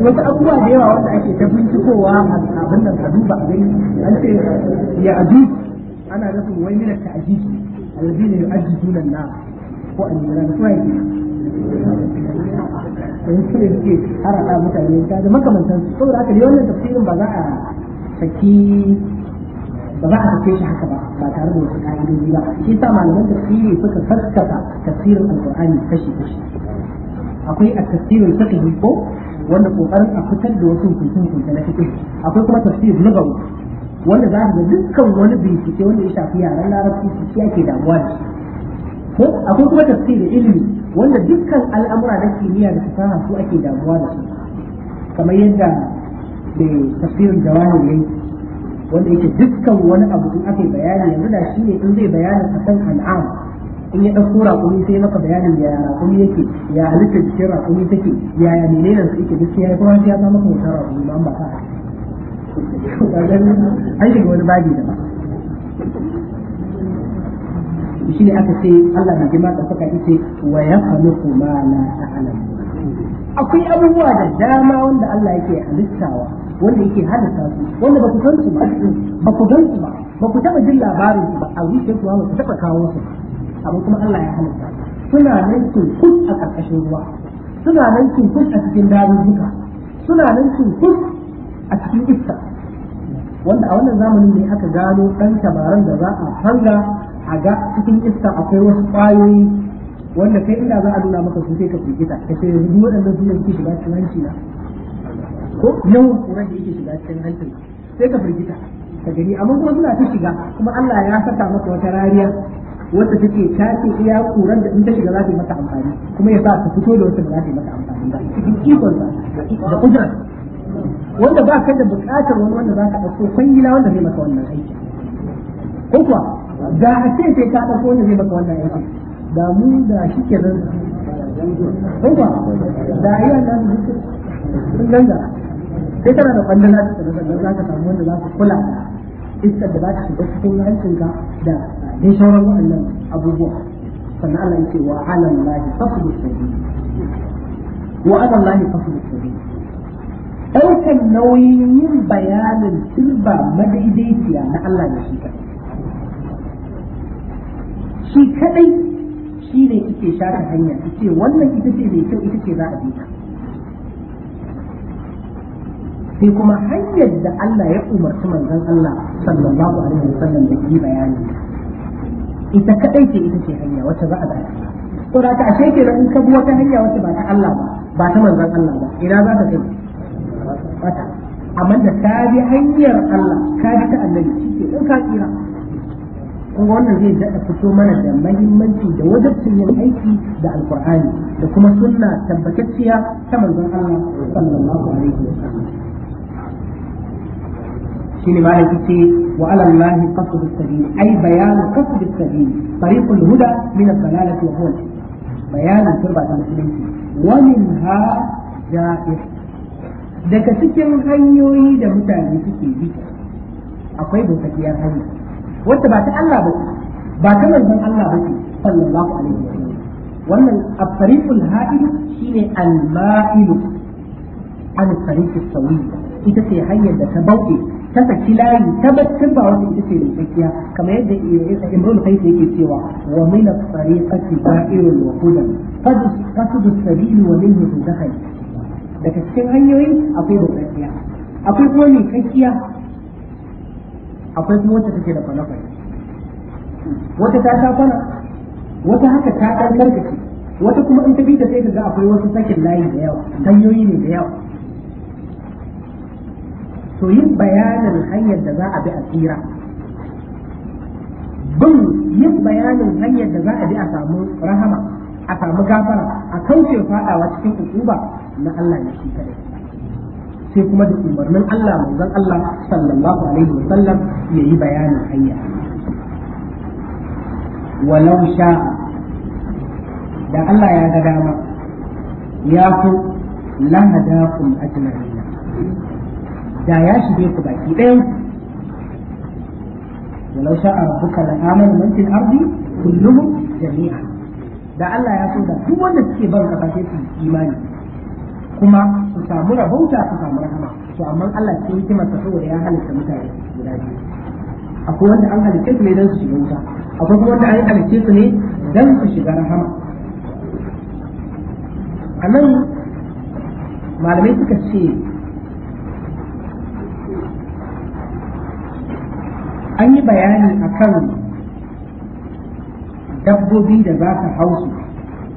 wasu abubuwa da yawa wanda ake ta bincikowa abin nan ka duba abin an ce ya ajuj ana nufin wai mina ta'ajiji alladhina yu'ajjiduna an-nas ko an-nas ko in su da suke harada mutane ta da makamantan su saboda haka wannan tafsirin ba za a saki ba za a sake shi haka ba ba tare da wasu ka'idoji ba shi sa malaman tafsiri suka saskata tafsirin alqur'ani kashi kashi akwai a tafsirin fiqh ko wanda kokarin a fitar da wasu hukuncin na fiqh akwai kuma tafsir lugawi wanda za ka ga dukkan wani bincike wanda ya shafi yaran larabci shi ke damuwa da shi ko akwai kuma tafsir ilimi wanda dukkan al'amura na kimiyya da fasaha su ake damuwa da su kamar yadda da tafsirin jawahir yayi wanda yake dukkan wani abu in aka bayani yanzu da shi ne in zai bayani akan al'am in ya ɗauko raƙumi sai maka bayanin ya raƙumi yake ya halitta jikin raƙumi take ya ya mene ne su yake duk ya kuma ya sa maka raƙumi ba ba an shiga wani babi da ba shi ne aka ce Allah na girma ɗaukaka ita wa ya haluku ma la ta'lamu akwai abubuwa da dama wanda Allah yake halittawa wanda yake hadasa su wanda ba ku san su ba ba ku gan su ba ba ku taɓa jin labarin su ba a wuce su ba ku taɓa kawo su ba amma kuma Allah ya halitta suna nan kus a ƙarƙashin ruwa suna nan kus a cikin dazuzzuka suna nan kus a cikin iska wanda a wannan zamanin ne aka gano ɗan tabaran da za a hanga a ga cikin iska akwai wasu ƙwayoyi wanda kai inda za a nuna maka su sai ka firgita ka ce yanzu waɗanda su ne shiga cikin hanci na ko yawan ƙuran da yake shiga cikin hancin sai ka firgita ka gani amma kuma suna ta shiga kuma Allah ya saka maka wata rariya wacce take ce iya kuran da in ta shiga za ta yi mata amfani kuma ya sa ta fito da wata ba za ta yi mata amfani ba cikin ikon sa da kudura wanda ba ka da buƙatar wani wanda za ka ɗauko kwangila wanda zai maka wannan aiki ko kuwa ga a ce sai ka ɗauko wanda zai baka wannan yawa da mu da shi ke zan da ba da yawan nan sun ganga sai tana da na ta da za ka samu wanda za ka kula da iskar da ba ta shiga cikin hancinka da dai sauran waɗannan abubuwa sannan Allah yake wa alam lahi fasbu sabi wa alam lahi fasbu sabi ɗaukar nauyin yin bayanin silba madaidaiciya na Allah da shi kai shi kadai shi ne kike shata hanya ce wannan ita ce mai kyau ita ce za a ta sai kuma hanyar da Allah ya umarci manzon Allah sallallahu alaihi wasallam da yi bayani ita kadai ce ita ce hanya wacce za a bi ta ta ashe ke in ka bi wata hanya wacce ba ta Allah ba ba ta manzon Allah ba ina za ta kai wata amma da ka bi hanyar Allah ka bi ta annabi shi ke in ka tsira kuma wannan zai daɗa fito mana da mahimmanci da wajabcin yin aiki da alkur'ani da kuma sunna tabbatacciya ta manzon Allah sallallahu alaihi wa sallam shine ma yake ce wa ala Allah qasd as-sabil ay bayan qasd as-sabil tariq al-huda min al-dalalati wa huwa bayan turba ta musulunci wa minha ja'ir daga cikin hanyoyi da mutane suke bi akwai dokakiyar hanya wacce ba ta Allah ba ba ta manzon Allah ba sallallahu alaihi wa sallam wannan afariqul ha'il shine al-ma'il an tariqis sawi ita ce hanyar da ta bauke ta saki layi ta baccin ba wanda ita ce da tsakiya kamar yadda imrul kai yake cewa wa min at-tariqati ba'irul wa hudan fasudu as-sabil wa minhu dakhal daga cikin hanyoyi akwai da tsakiya akwai kuma mai tsakiya akwai kuma wacce take da kwana wata ta sha kwana wata haka ta ɗan karkace wata kuma in ta bi da sai ga akwai wasu sakin layi da yawa hanyoyi ne da yawa to yin bayanin hanyar da za a bi a tsira bin yin bayanin hanyar da za a bi a samu rahama a samu gafara a kauce fadawa cikin ukuba na Allah ne shi kadai sai kuma da umarnin Allah manzon Allah sallallahu alaihi wa sallam ya yi bayanin hanya walau sha da Allah ya ga dama ya so lahadakum ajma'in da ya shige ku baki ɗaya walau sha'a rabbuka la amana man fil ardi kulluhum jami'a da Allah ya so da duk wanda suke ban kasa sai su imani kuma su samu rahota su samu rahama to amma Allah ke yi sa saboda ya halitta mutane guda biyu akwai wanda an halitta su ne don su shiga wuta akwai kuma wanda an halitta su ne don su shiga rahama a nan malamai suka ce an yi bayani akan dabbobi da za ka hausu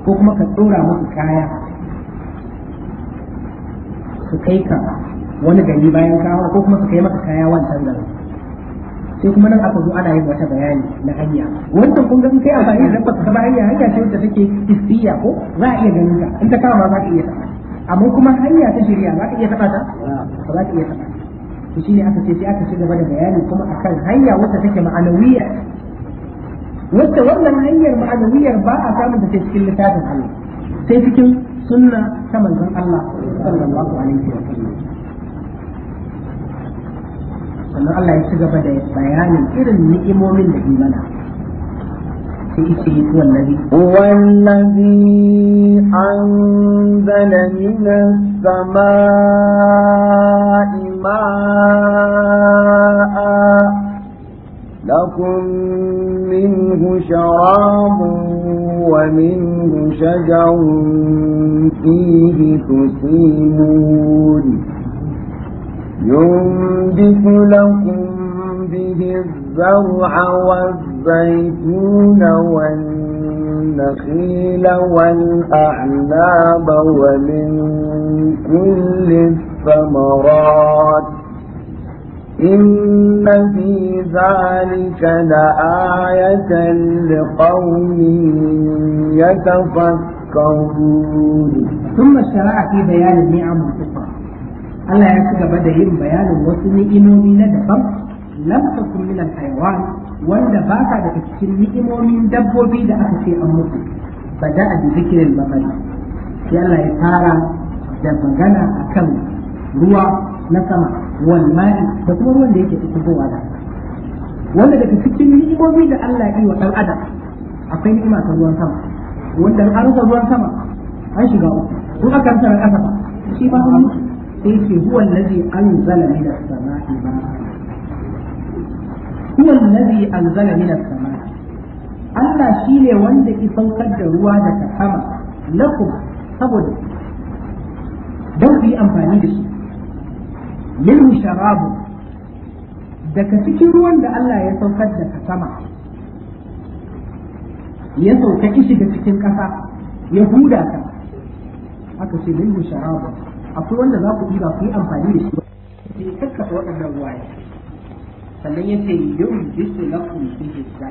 ko kuma ka tsora musu kaya su kai ka wani gari bayan kawo ko kuma su kai maka kaya wancan garin sai kuma nan aka zo ana yin wata bayani na hanya wancan kun ga kai amfani da ba ka hanya hanya ce wanda take istiya ko za a iya ganin ka in ta kama za ka iya ta amma kuma hanya ta shirya za ka iya taɓa ta ba za ka iya taɓa to shine aka ce sai aka ci gaba da bayani kuma akan hanya wacce take ma'anawiyya wacce wannan hanyar ma'anawiyar ba a samun ta cikin littafin Allah sai cikin sunna ta manzon Allah sallallahu alaihi wa sallam Allah ya ci gaba da bayanin irin ni'imomin da ke mana هو الذي هو الذي أنزل من السماء ماء لكم منه شراب ومنه شجر فيه تسيمون ينبت لكم به الزرع والزيتون والنخيل والأعناب ومن كل الثمرات إن في ذلك لآية لقوم يتفكرون ثم شرع في بيان النعم والفطر Allah ya ci gaba da yin bayanin wasu ni'imomi na daban lam takun min wanda ba ka daga cikin ni'imomin dabbobi da aka ce an mutu bada a zikirin bakari sai Allah ya fara da magana akan ruwa na sama wal ma'i da kuma ruwan da yake fitowa da wanda daga cikin ni'imomi da Allah ya yi wa dan adam akwai ni'ima ta ruwan sama wanda an rasa ruwan sama an shiga uku in aka tsara kasa ba shi ba ruwan sai ce huwa allazi anzala min as-sama'i ma'a huwa allazi anzala min as-sama'i Allah shi ne wanda ke saukar da ruwa daga sama lakum saboda don su yi amfani da shi minhu sharabu daga cikin ruwan da Allah ya saukar da sama ya sauka kishi da cikin ƙasa ya huda ta aka ce minhu sharabu akwai wanda za ku ɗiba ku yi amfani da shi ba sai kakkasa waɗannan ruwaye sannan ya ce yau jisu lakum bihi da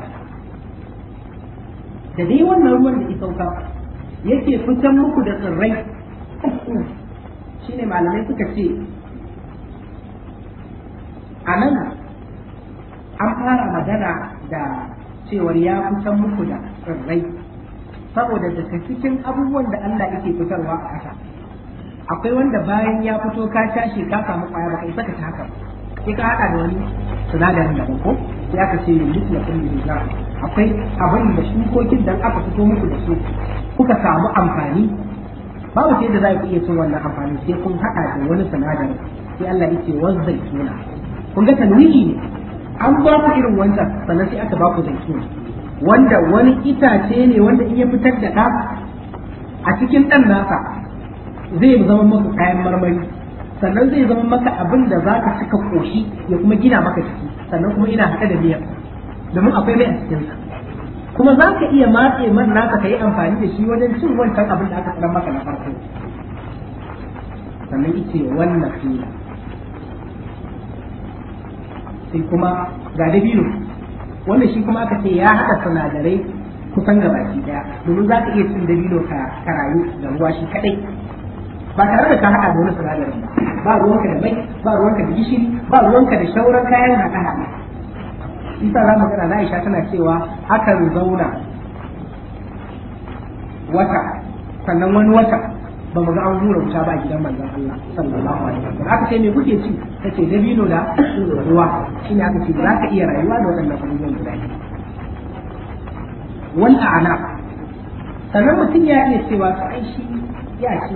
dai wannan ruwan da ya sauka yake fitan muku da tsirrai shine malamai suka ce a nan an fara magana da cewar ya fitan muku da tsirrai saboda daga cikin abubuwan da Allah yake fitarwa a ƙasa akwai wanda bayan ya fito ka tashi ka samu kwaya baka isa ka haka sai ka haɗa da wani sinadarin da ko sai aka ce duk da akwai abin da shukokin da aka fito muku da su kuka samu amfani babu sai da za ku iya cin wannan amfani sai kun haɗa da wani sinadarin sai Allah yake wanzai tuna kun ga tanwi'i ne an ba ku irin wanda sannan sai aka ba ku zaitun wanda wani itace ne wanda in ya fitar da ɗa a cikin ɗan nasa zai zama maka kayan marmari sannan zai zama maka abin da za ka cika koshi ya kuma gina maka ciki sannan kuma ina haɗa da miyar domin akwai mai a cikinsa kuma za ka iya matse man naka ka yi amfani da shi wajen cin wancan abin da aka tsaron maka na farko sannan ita wannan fiye sai kuma ga dabino wanda shi kuma aka ce ya haɗa sinadarai kusan ga baki daya domin za ka iya cin dabino ka rayu da ruwa shi kadai ba tare da ka haɗa da wani sinadarin ba ruwanka da mai ba ruwanka da gishiri ba ruwanka da shauran kayan haɗa haɗa isa za mu gana a aisha tana cewa akan zauna wata sannan wani wata ba mu ga an hura wuta ba a gidan manzon Allah sallallahu alaihi wasallam aka ce me kuke ci kace dabino da ruwa shine aka ce za ka iya rayuwa da waɗannan abubuwan guda wal ana sannan mutum ya iya cewa to ai shi ya ce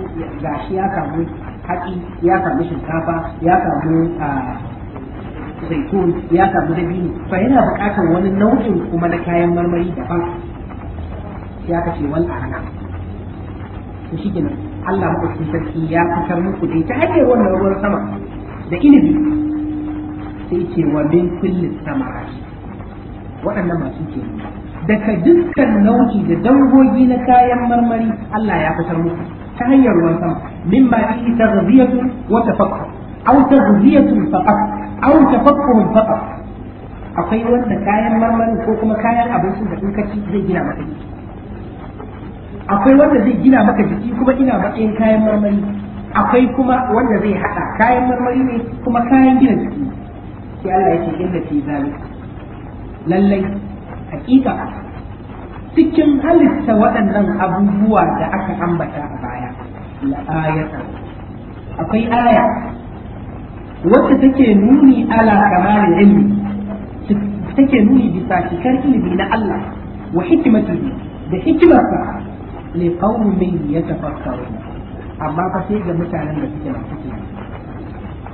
shi ya samu haƙi ya samu shinkafa ya samu zaitun ya kamu dabino to yana buƙatar wani nau'in kuma na kayan marmari daban ya kace wal ana shi kenan Allah madaukakin sarki ya fitar muku da ita hanyar wannan ruwan sama da ilimi sai ce wa min kulli samarati waɗannan masu ke daga dukkan nau'i da dangogi na kayan marmari Allah ya fitar muku ta hanyar ruwan sama min ma fi tarziyatu wa tafakkur aw tarziyatu faqat aw tafakkur faqat akwai wanda kayan marmari ko kuma kayan abincin da in ka zai gina maka akwai wanda zai gina maka jiki kuma ina matsayin kayan marmari akwai kuma wanda zai haɗa kayan marmari ne kuma kayan gina jiki sai Allah ya ce inda fi zalik lallai hakika cikin halitta waɗannan abubuwa da aka ambata a baya la'ayata akwai aya wacce take nuni ala kamalin ilmi take nuni bisa shikar ilimi na Allah wa hikimatu da hikimarsa li qaumin yatafakkarun amma fa sai ga mutanen da suke masu tunani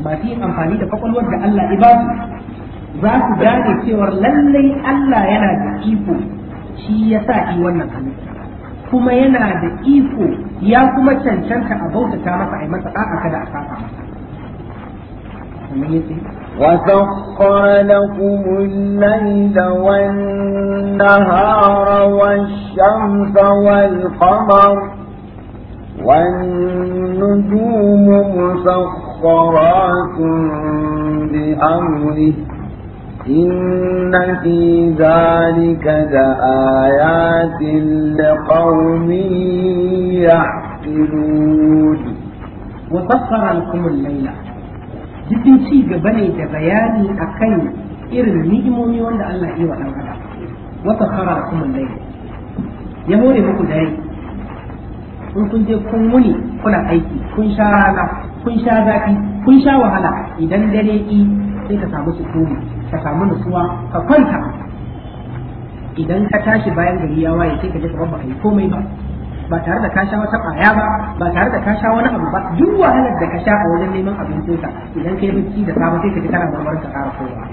ba su amfani da kwakwalwar da Allah ya ba za su gane cewar lallai Allah yana da iko shi ya sa yi wannan halitta kuma yana da iko ya kuma cancanta a bautata masa a yi masa kada a kafa. masa وسخر لكم الليل والنهار والشمس والقمر والنجوم مسخرات بأمره إن في ذلك لآيات لقوم يحفظون وسخر لكم الليل cikin ci gaba ne da bayani a kan irin ni'imomi wanda Allah yi wa ɗan adam wata fara kuma lai ya more muku da yai in kun je kun wuni kuna aiki kun sha rana kun sha zafi kun sha wahala idan dare yi sai ka samu sukuni ka samu nutsuwa ka kwanta idan ka tashi bayan gari ya waye sai ka je ka babba kai komai ba ba tare da ka sha wata ƙaya ba ba tare da ka sha wani abu ba duk wahalar da ka sha a wajen neman ka idan kai bacci da safe sai ka ji kana marmarin ka ƙara kowa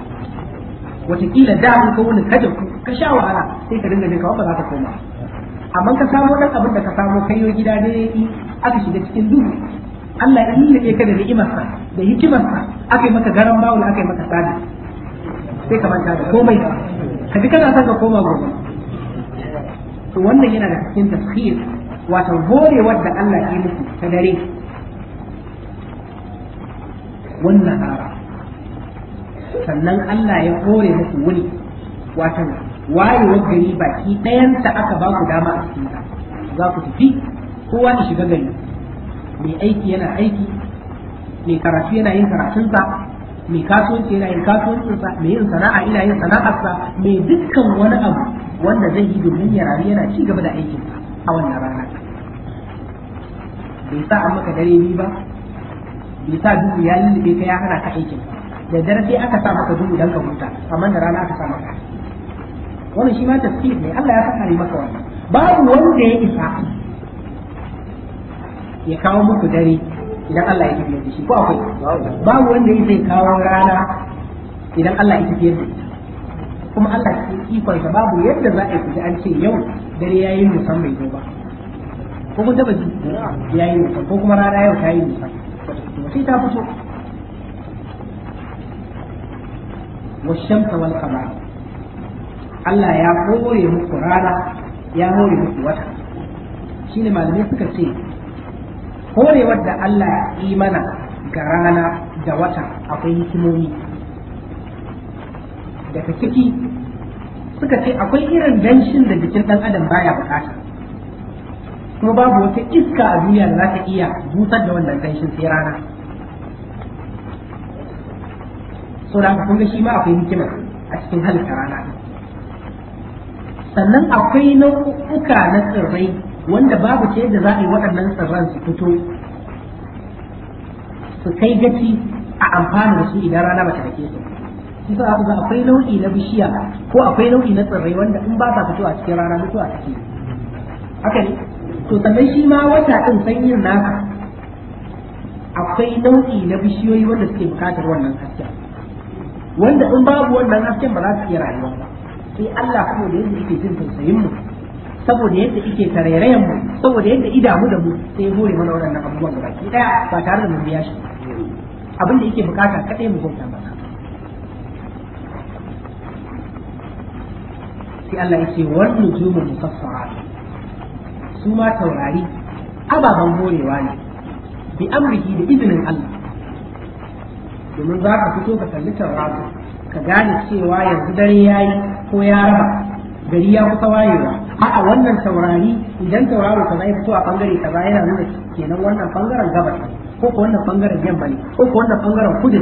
wataƙila da abin ko wani kaje ka sha wahala sai ka dinga jin ba za ka koma amma ka samo wani abin da ka samo kayo gida dai aka shiga cikin duhu Allah ya lullube ka da ni'imarsa da hikimarsa aka yi maka garan bawul aka yi maka sadi sai ka manta da komai ka ji kana son ka koma gobe to wannan yana da cikin tafsir wato horewar da Allah ya musu ta dare wannan ara sannan Allah ya hore musu wuni wato wayewar gari baki ɗayansa aka ba ku dama a cikin ta za ku tafi kowa ya shiga gari mai aiki yana aiki mai karatu yana yin karatunsa mai kasuwanci yana yin kasuwancinsa mai yin sana'a ina yin sana'arsa mai dukkan wani abu wanda zai yi domin ya rayu yana ci gaba da aikinsa a wannan rana bai sa an maka dare ni ba bai sa dubu ya lullube ka ya hana ka aikin da dare sai aka sa maka dubu dan ka huta amma da rana aka sa maka wannan shi ma tafsir ne Allah ya saka ne maka wannan babu wanda ya isa ya kawo muku dare idan Allah ya tafiyar da shi ko akwai babu wanda ya sai kawo rana idan Allah ya tafiyar da shi kuma Allah ya ikon babu yadda za a yi kuji an ce yau dare yayin musamman yau ba ko kun taba yi yayi ko kuma rana yau ta yi nisa sai ta fito والشمس والقمر Allah ya hore muku rana ya hore muku wata shi ne malamai suka ce horewar da Allah ya yi mana ga rana da wata akwai hikimomi daga ciki suka ce akwai irin danshin da jikin ɗan adam baya bukata kuma babu wata iska a duniya da za ta iya busar da wannan kanshin sai rana so da kun ga shi ma akwai hikima a cikin halitta rana sannan akwai nau'uka na tsirrai wanda babu ce da za a yi waɗannan tsirran su fito su kai gaci a amfani da su idan rana ba ta dake su shi sa ga akwai nau'i na bishiya ko akwai nau'i na tsirrai wanda in ba ta fito a cikin rana mutuwa take haka ne to sannan shi ma wata ɗin sanyin nasa akwai nau'i na bishiyoyi wanda suke bukatar wannan hasken wanda in babu wannan hasken ba za su iya rayuwa ba sai Allah kuma da yadda yake jin tausayin mu saboda yadda yake tarairayen mu saboda yadda idamu da mu sai hore mana waɗannan abubuwan da baki daya ba tare da mun biya shi abin da yake bukata kadai mu bauta ba sai Allah yake wannan jumul musaffara su ma taurari ababen borewa ne bi amrihi da izinin Allah domin za ka fito ka kalli taurari ka gane cewa yanzu dare yayi ko ya raba gari ya kusa wayewa a'a wannan taurari idan tauraro ka zai fito a bangare kaza yana nuna kenan wannan bangaren gabas ko ko wannan bangaren yamma ne ko ko wannan bangaren kudu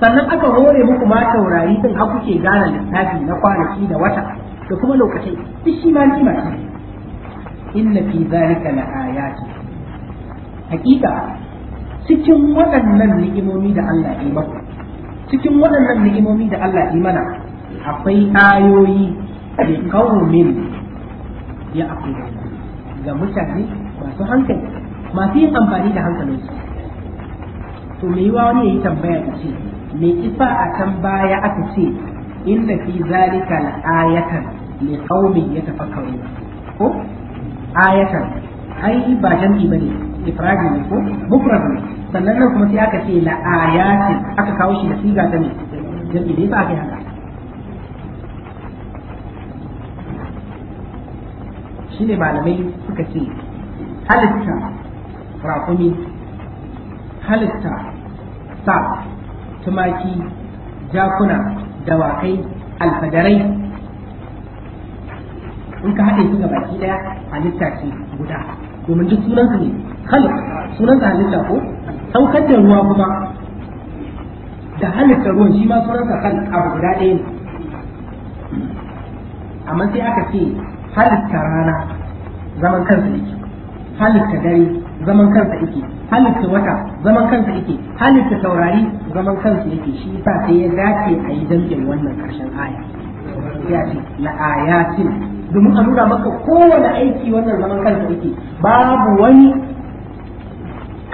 sannan aka hore muku ma taurari din har kuke gane lissafi na kwanaki da wata da kuma lokacin duk shi ma inna fi zalika la ayati hakika cikin waɗannan ni'imomi da Allah ya maka cikin waɗannan ni'imomi da Allah ya mana akwai ayoyi li qaumin ya aqilun ga mutane masu hankali masu yin amfani da hankalinsu to me yiwa wani yayi tambaya ta ce me isa a can baya aka ce inna fi zalika la ayatan li qaumin yatafakkarun ko ayatan ai ba jam'i bane ifradi ne ko mufrad ne sannan nan kuma sai aka ce la ayatin aka kawo shi da siga ta ne jam'i ne ba kai haka shine malamai suka ce halitta rakumi halitta sa tumaki jakuna dawakai alfadarai in ka haɗe su ga baki ɗaya halitta ce guda domin duk sunan ne khalq sunan ka halitta ko saukar da ruwa kuma da halitta ruwan shi ma sunan ka kan abu guda ɗaya ne amma sai aka ce halitta rana zaman kansa yake halitta dare zaman kansa yake halitta wata zaman kansa yake halitta taurari zaman kansa yake shi ba sai ya dace a yi dangin wannan karshen aya ya ce la ayatin domin a nuna maka kowane aiki wannan zaman kansa yake babu wani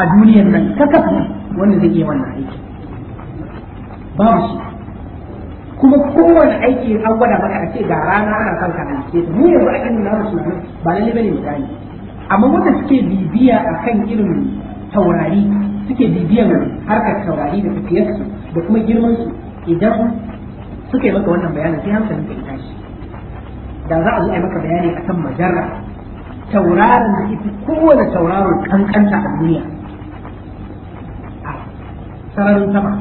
a duniyar nan kakafi wanda zai iya wannan aiki babu shi kuma kowane aiki an gwada maka a ce ga rana ana son kanan ke ta mu yanzu akan na su ba lalle ne mu gane amma wanda suke bibiya a kan irin taurari suke bibiyan harkar taurari da tafiyarsu da kuma girman su idan suka yi maka wannan bayanin sai hankalin ka tashi da za a zo a yi maka bayani akan majarra tauraron da ita kowane tauraron kankanta a duniya a sararin sama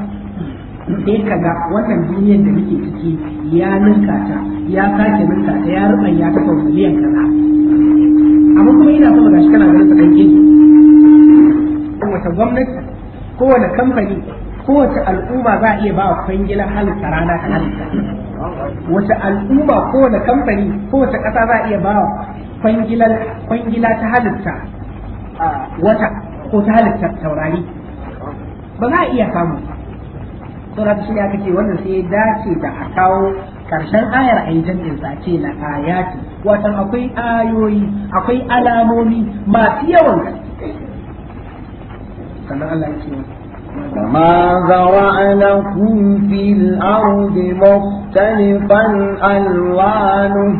sai ka ga wannan duniyar da muke ciki ya ninka ta ya sake ninka ta ya rubar ya kafa miliyan kaza amma kuma ina so ga shi kana ganin sakanke kowace gwamnati kowane kamfani kowace al'umma za a iya ba wa kwangila halitta rana ta halitta wata al'umma kowace kamfani ko wata ƙasa za a iya ba wa kwangila ta halitta wata ko ta halitta taurari ba za a iya samu saura shi ne aka ce wannan sai dace da a kawo karshen ayar a yi jami'in ce na ayati watan akwai ayoyi akwai alamomi masu yawan gaske sannan Allah ya ce وما ذرأ لكم في الأرض مختلفا ألوانه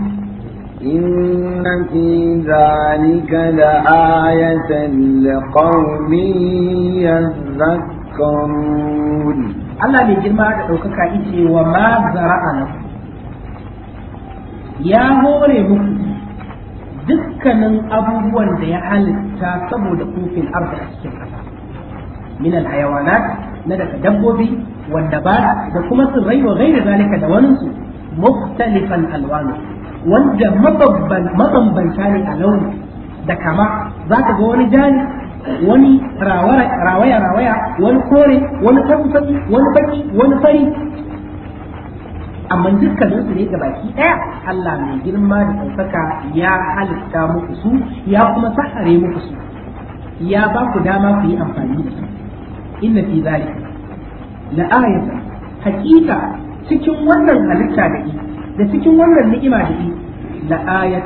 إن في ذلك لآية لقوم يذكرون Allah mai girma da ɗaukaka ice wa ma zara'a na ya hore muku dukkanin abubuwan da ya halitta saboda kofin arda a cikin ƙasa min alhayawanat na daga dabbobi wanda ba da kuma tsirrai wa gaira zalika da waninsu muktalifan alwanu wanda mabambanta ne a launi da kama za ka ga wani jani wani rawaya rawaya wani kore wani fari wani baki wani fari amma dukkanin su ne ga baki ɗaya Allah mai girma da ɗaukaka ya halitta muku su ya kuma sahare muku su ya ba ku dama ku yi amfani da su inna fi zalika la ayata hakika cikin wannan halitta da i da cikin wannan ni'ima da i la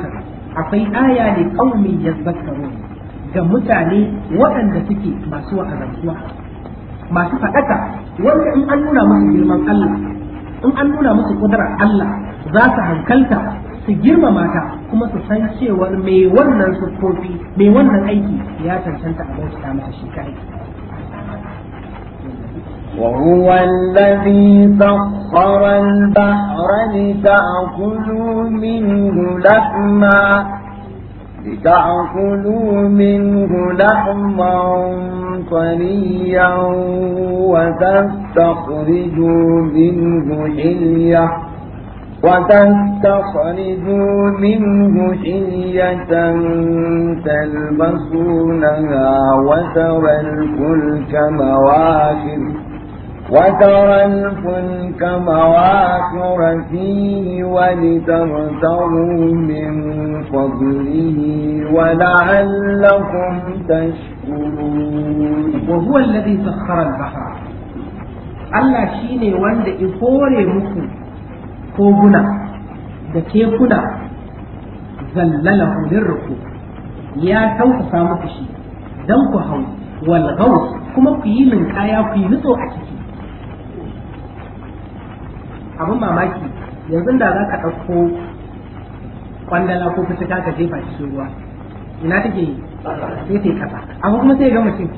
akwai aya ne qaumi yazakkaru ga mutane waɗanda suke masu wa'azantuwa masu faɗaka wanda in an nuna musu girman Allah in an nuna musu kudurar Allah za su hankalta su girmama ta kuma su san cewar mai wannan siffofi mai wannan aiki ya cancanta a bauta masa shi kai وهو الذي سخر البحر لتأكلوا منه لحما لتأكلوا منه لحما طريا وتستخرجوا منه حلية وتستخرجوا منه حلية تلبسونها وترى الفلك مواخر وترى الفلك مواخر فيه ولتبتغوا من فضله ولعلكم تشكرون وهو الذي سخر البحر Allah shi ne wanda ya kore muku koguna da kekuna zallala hulirku ya sauƙaƙa muku shi don ku hau walhau kuma ku yi linkaya ku yi nutso a ciki abin mamaki yanzu da za ka ɗauko kwandala ko fita ka jefa cikin ruwa ina take yi sai ta kasa amma kuma sai ga mutum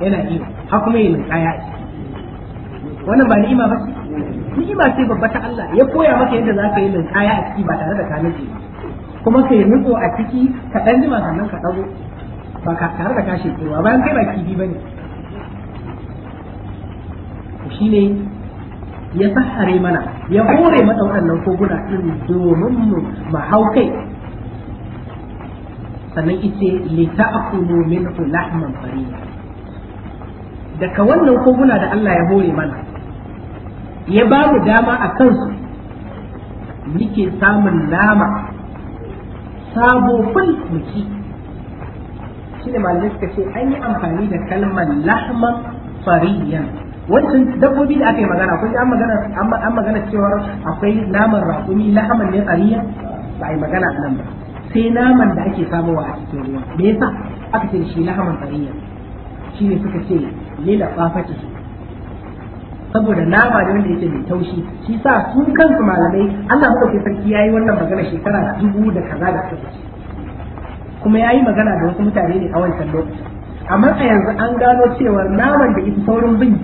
yana iya har kuma yi kaya a ciki wannan ba ni'ima ba ni'ima ce babba ta Allah ya koya maka yadda za ka yi linkaya a ciki ba tare da ka nufi kuma ka yi nutso a ciki ka ɗan jima sannan ka ɗago ba ka tare da kashe kowa bayan kai ba kifi ba ne shi ne ya sahare mana ya hore mata waɗannan koguna ɗin domin mu mu kai. sannan ice li ta'kulu minhu lahman fariya daga wannan koguna da Allah ya hore mana ya ba mu dama a kansu muke samun nama sabo ful muki shi ne malamai suka ce an yi amfani da kalmar lahman fariyan wancan dabbobi da aka yi magana kun an magana an magana cewa akwai naman raƙumi lahaman ne tsariya ba a yi magana nan ba sai naman da ake samowa a cikin ruwa me yasa aka ce shi lahaman tsariya shi ne suka ce ne da tsafaci saboda nama ne wanda yake mai taushi shi sa su kansu malamai Allah muka sarki yayi wannan magana shekara dubu da kaza da kaza kuma yayi magana da wasu mutane ne a wancan lokacin amma a yanzu an gano cewa naman da ita saurin bin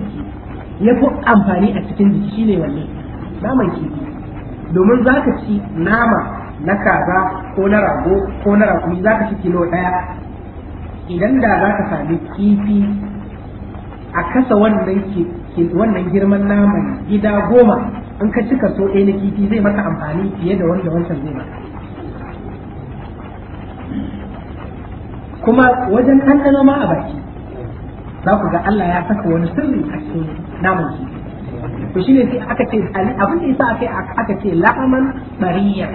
ya fi amfani a cikin jiki ne wanne naman kifi domin za ka ci nama na kaza ko na rago ko na rakumi za ka ci kilo ɗaya idan da za ka sami kifi a kasa wannan girman naman gida goma in ka ci kaso ɗaya na kifi zai maka amfani fiye da wanda wancan zai maka kuma wajen ɗanɗano ma a baki za ku ga Allah ya saka wani sirri a cikin naman kifi to shi ne aka ce abin da yasa aka aka ce la'aman bariya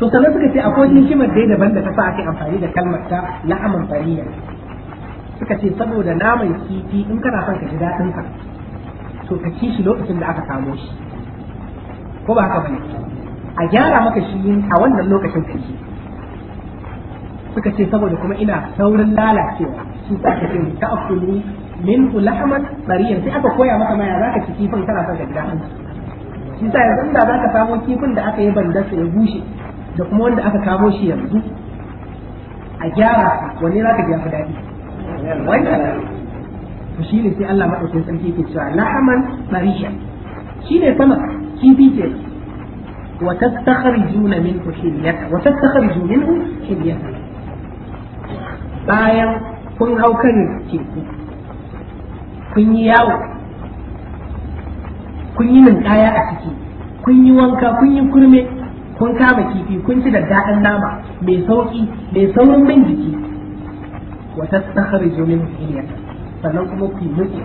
to sai suka ce akwai hikimar dai daban da ta sa aka amfani da kalmar ta la'aman bariya suka ce saboda naman kifi in kana son ka ji daɗin ka to ka ci shi lokacin da aka samo shi ko ba haka bane a gyara maka shi a wannan lokacin ka suka ce saboda kuma ina saurin lalacewa shi sa ka ce ta'akulu min lahman bariyan sai aka koya maka maya ya zaka ci kifin kana son ka shi sa yanzu da zaka samo kifin da aka yi banda ya bushe da kuma wanda aka kamo shi yanzu a gyara wanne zaka ji shi ne sai Allah madaukakin sarki ke cewa lahman bariyan shi ne sama kifi wa tastakhrijuna minhu hilyatan wa tastakhrijuna minhu bayan kun hau kan teku kun yi yawo kun yi ninkaya a ciki kun yi wanka kun yi kurme kun kama kifi kun ci da daɗin nama mai sauƙi mai saurin min jiki wata tsakar jomin hiyar sannan kuma ku yi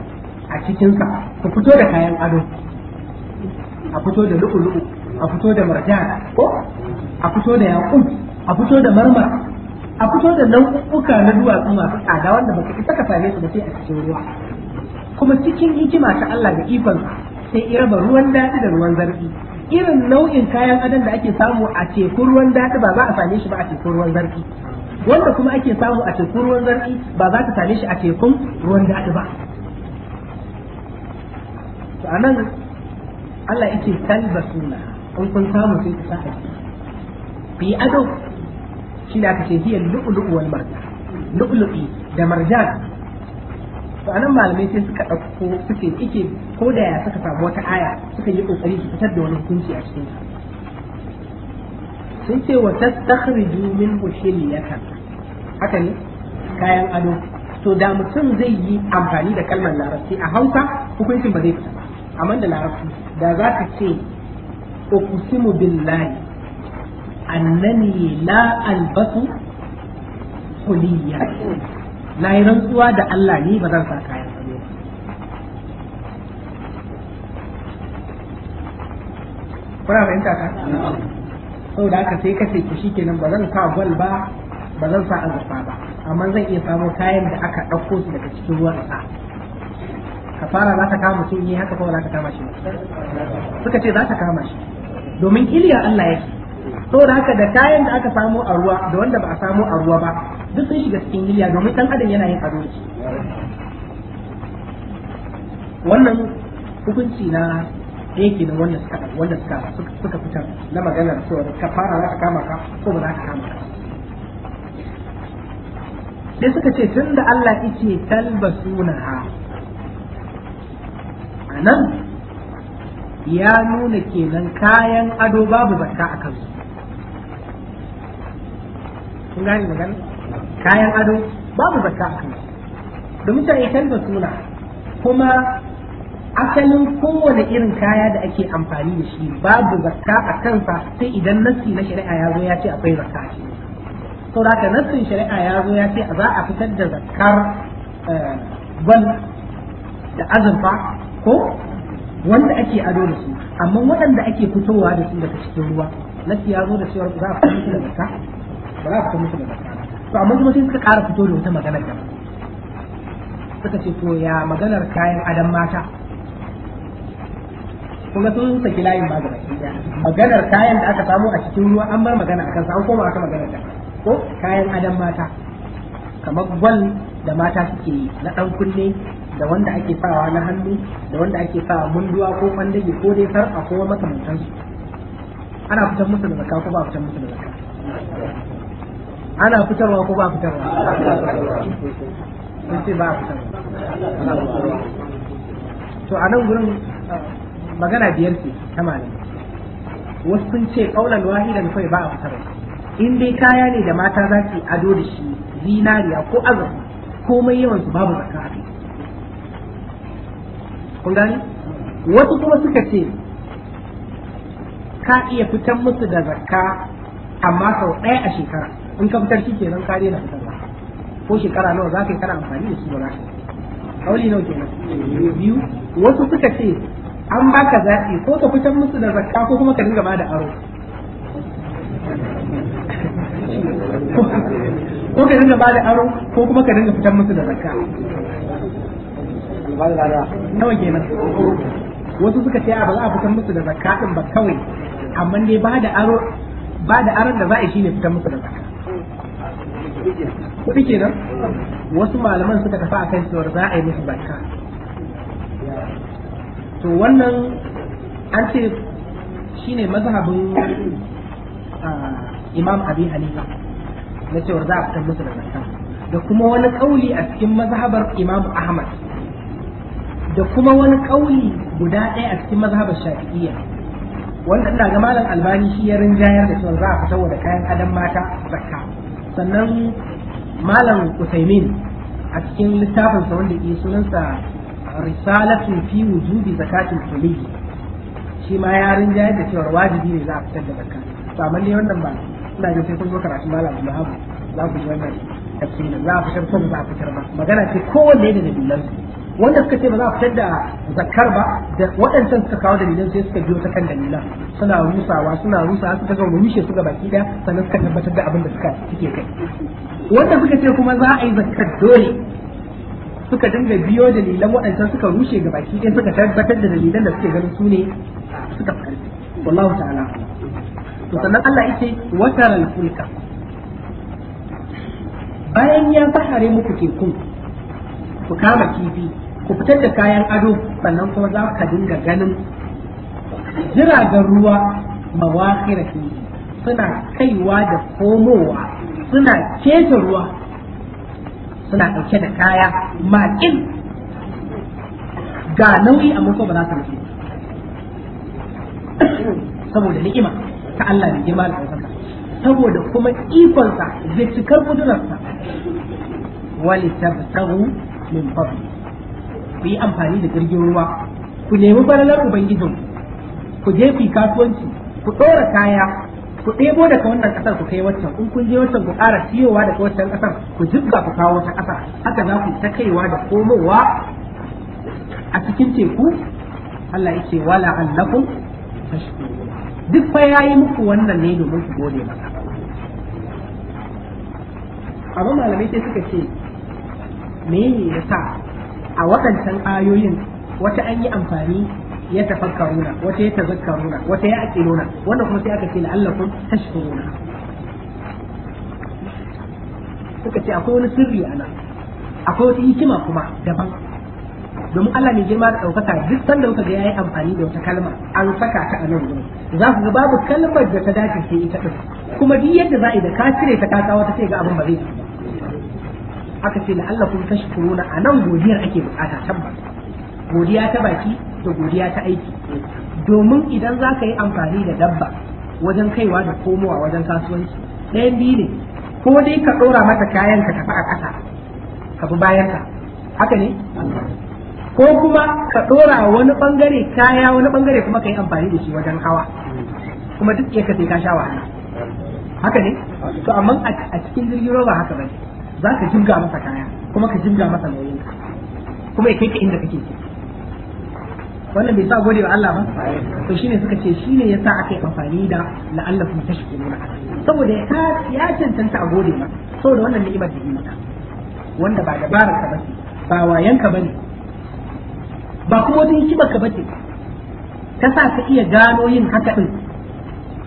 a cikinsa ku fito da kayan ado a fito da lu'ulu'u a fito da marjana ko a fito da yaƙun a fito da marmara a fito da nau'uka na duwatsu masu tsada wanda baka isa ka same su ba sai a cikin ruwa kuma cikin hikima ta Allah da ikon sai iraba ruwan daɗi da ruwan zarfi irin nau'in kayan adan da ake samu a tekun ruwan daɗi ba za a same shi ba a tekun ruwan zarfi wanda kuma ake samu a tekun ruwan zarfi ba za ka same shi a tekun ruwan daɗi ba to anan Allah yake kalba suna in kun samu sai ka sa ku yi ado shine aka ce hiyar lu'lu'u wal marjan lu'lu'i da marjan to anan malamai sai suka dauko suke ike ko da ya suka samu wata aya suka yi kokari su fitar da wani hukunci a cikin sun ce wa tastakhriju minhu shiliyatan haka ne kayan ado to da mutum zai yi amfani da kalmar larabci a hausa hukuncin ba zai fita amma da larabci da za ka ce bin billahi annani la albasu kuliya na yi rantsuwa da Allah ni ba zan sa kayan salo kuna fahimta ka saboda haka sai kace ku shikenan ba zan sa gwal ba ba zan sa azurfa ba amma zan iya samu kayan da aka ɗauko su daga cikin ruwan sa ka fara za ta kama mutum ne haka kawai za ta kama shi suka ce za ta kama shi domin iliya Allah yake saboda haka da kayan da aka samu a ruwa da wanda ba a samu a ruwa ba duk sun shiga cikin niyya domin dan adam yana yin abinci wannan hukunci na yake da wanda suka wanda suka suka fita na maganar cewa ka fara za ka kama ka ko ba za ka kama ka sai suka ce tun da Allah yake talbasuna ha anan ya nuna kenan kayan ado babu barka a kansu kun gane magana kayan ado babu zakka a kansu domin ta ikan da suna kuma asalin kowane irin kaya da ake amfani da shi babu zakka a kansa sai idan nassi na shari'a ya zo ya ce akwai zakka a cikin to da ka nassin shari'a ya zo ya ce za a fitar da zakkar eh, gwal da azurfa ko wanda ake ado da su amma waɗanda ake fitowa da su daga cikin ruwa nassi ya zo da cewa za a fitar da zakka ba za ku musu da zakka to amma kuma sai suka ƙara fito da wata maganar da suka ce to ya maganar kayan adam mata kuma sun saki layin ma gaba ɗaya maganar kayan da aka samu a cikin ruwa an bar magana akan sa an koma aka maganar da ko kayan adam mata kamar gwal da mata suke yi na ɗan kunne da wanda ake fawa na hannu da wanda ake fawa munduwa ko kwandage ko dai sarƙa ko makamantansu ana fitar musu da zakka ko ba fitar musu da zakka ana fitarwa ko ba fitarwa sun ce ba fitarwa to a nan gurin uh, magana biyar ce ta malami wasu sun ce kaulan wahidan kawai ba a fitarwa in dai kaya ne da mata za su ado da shi zinariya ko azurfa komai yawan su babu zakka a kai kun gani wasu kuma suka ce ka iya fitan musu da zakka amma sau ɗaya a shekara in ka fitar shi nan kare na fitarwa ko shekara nawa za ka yi kana amfani da shi ba za ka kauli nawa kenan biyu wasu suka ce an baka zaɓi ko ka fitar musu da zakka ko kuma ka dinga ba da aro ko ka dinga ba da aro ko kuma ka dinga fitar musu da zakka nawa kenan wasu suka ce a ba za a fitar musu da zakka ɗin ba kawai amma dai ba da aro ba da aran da za a shine fitar musu da zakka kuɗi kenan wasu malaman suka tafi a akan cewar za a yi musu zakka to wannan an ce shi ne mazhabin ah, imam abi hanifa na cewa za a fitar musu da zakka da kuma wani kauli a cikin mazhabar imam ahmad da kuma wani kauli guda ɗaya a cikin mazhabar shafi'iyya Wannan ina ga malam albani shi ya rinjayar da cewa za a fito da kayan adam mata zakka sannan malam usaimin a cikin littafinsa wanda ke sunansa risalatu fi wujubi zakatul kulli shi ma ya rinjayar da cewa wajibi ne za a fitar da zakka to amma ne wannan ba ina ga sai kun zo karatu malam Abdulhab za ku ji wannan tafsirin za a fitar ko za a fitar ba magana ce kowanne da dalilansu wanda suka ce ba za a fitar da zakar ba da waɗancan suka kawo dalilan sai suka biyo ta kan dalilan suna rusawa suna rusawa suka ga rumishe suka baki ɗaya sannan suka tabbatar da abin da suka suke kai wanda suka ce kuma za a yi zakar dole suka dinga biyo dalilan waɗancan suka rushe ga baki ɗaya suka tabbatar da dalilan da suke ganin su ne suka fi wallahu ta'ala to sannan Allah yake wataral fulka bayan ya fahare muku tekun ku kama kifi ku fitar da kayan ado sannan kuma za ka dinga ganin jiragen ruwa mawakira suna kaiwa da komowa suna keta ruwa suna ɗauke da kaya makin ga nauyi amma ko ba za ta rufe saboda ni'ima ta Allah da girma da ɗaukaka saboda kuma ikonsa da cikar kudurarsa wani tabtahu min fadli ku yi amfani da jirgin ruwa ku nemi balalar ubangijin ku je ku kasuwanci ku ɗora kaya ku ɗebo daga wannan ƙasar ku kai waccan in kun je waccan ku ƙara ciyowa daga waccan ƙasar ku jibga ku kawo wata ƙasar haka za ku ta kaiwa da komowa a cikin teku Allah ya ce wala annakum tashkurun duk fa yayi muku wannan ne domin ku gode masa abin malamai sai suka ce me ya sa a waɗancan ayoyin wata an yi amfani ya tafakkaruna wata ya tazakkaruna wata ya aqiluna wanda kuma sai aka ce la'allakum tashkuruna suka ce akwai wani sirri a nan akwai wata hikima kuma daban domin Allah ne girma da ɗaukaka duk sanda kuka ga yayi amfani da wata kalma an saka ta a nan gurin za ku ga babu kalmar da ta dace sai ita ɗin, kuma duk yadda za a yi da ka cire ta kasa wata ta sai ga abin ba zai ba aka ce la'allakum tashkuruna a nan godiyar ake bukata tabbas godiya ta baki da godiya ta aiki domin idan za ka yi amfani da dabba wajen kaiwa da komowa wajen kasuwanci ɗayan biyu ne ko dai ka ɗora mata kayan ka tafi a ƙasa ka bi bayan ka haka ne ko kuma ka ɗora wani ɓangare kaya wani ɓangare kuma ka yi amfani da shi wajen hawa kuma duk ya ka sai ka sha wahala haka ne to amma a cikin jirgin roba haka bane za ka jibga masa kaya kuma ka jibga masa nauyin kuma ya kai ka inda kake wannan bai sa gode wa Allah ba to shine suka ce shine yasa aka yi amfani da la'allakum tashkuruna saboda ya cancanta a gode ba saboda wannan ni'imar da yake wanda ba dabarar ka bace ba wayan ka bane ba kuma wani hikimar ka bace ka sa ka iya gano yin haka din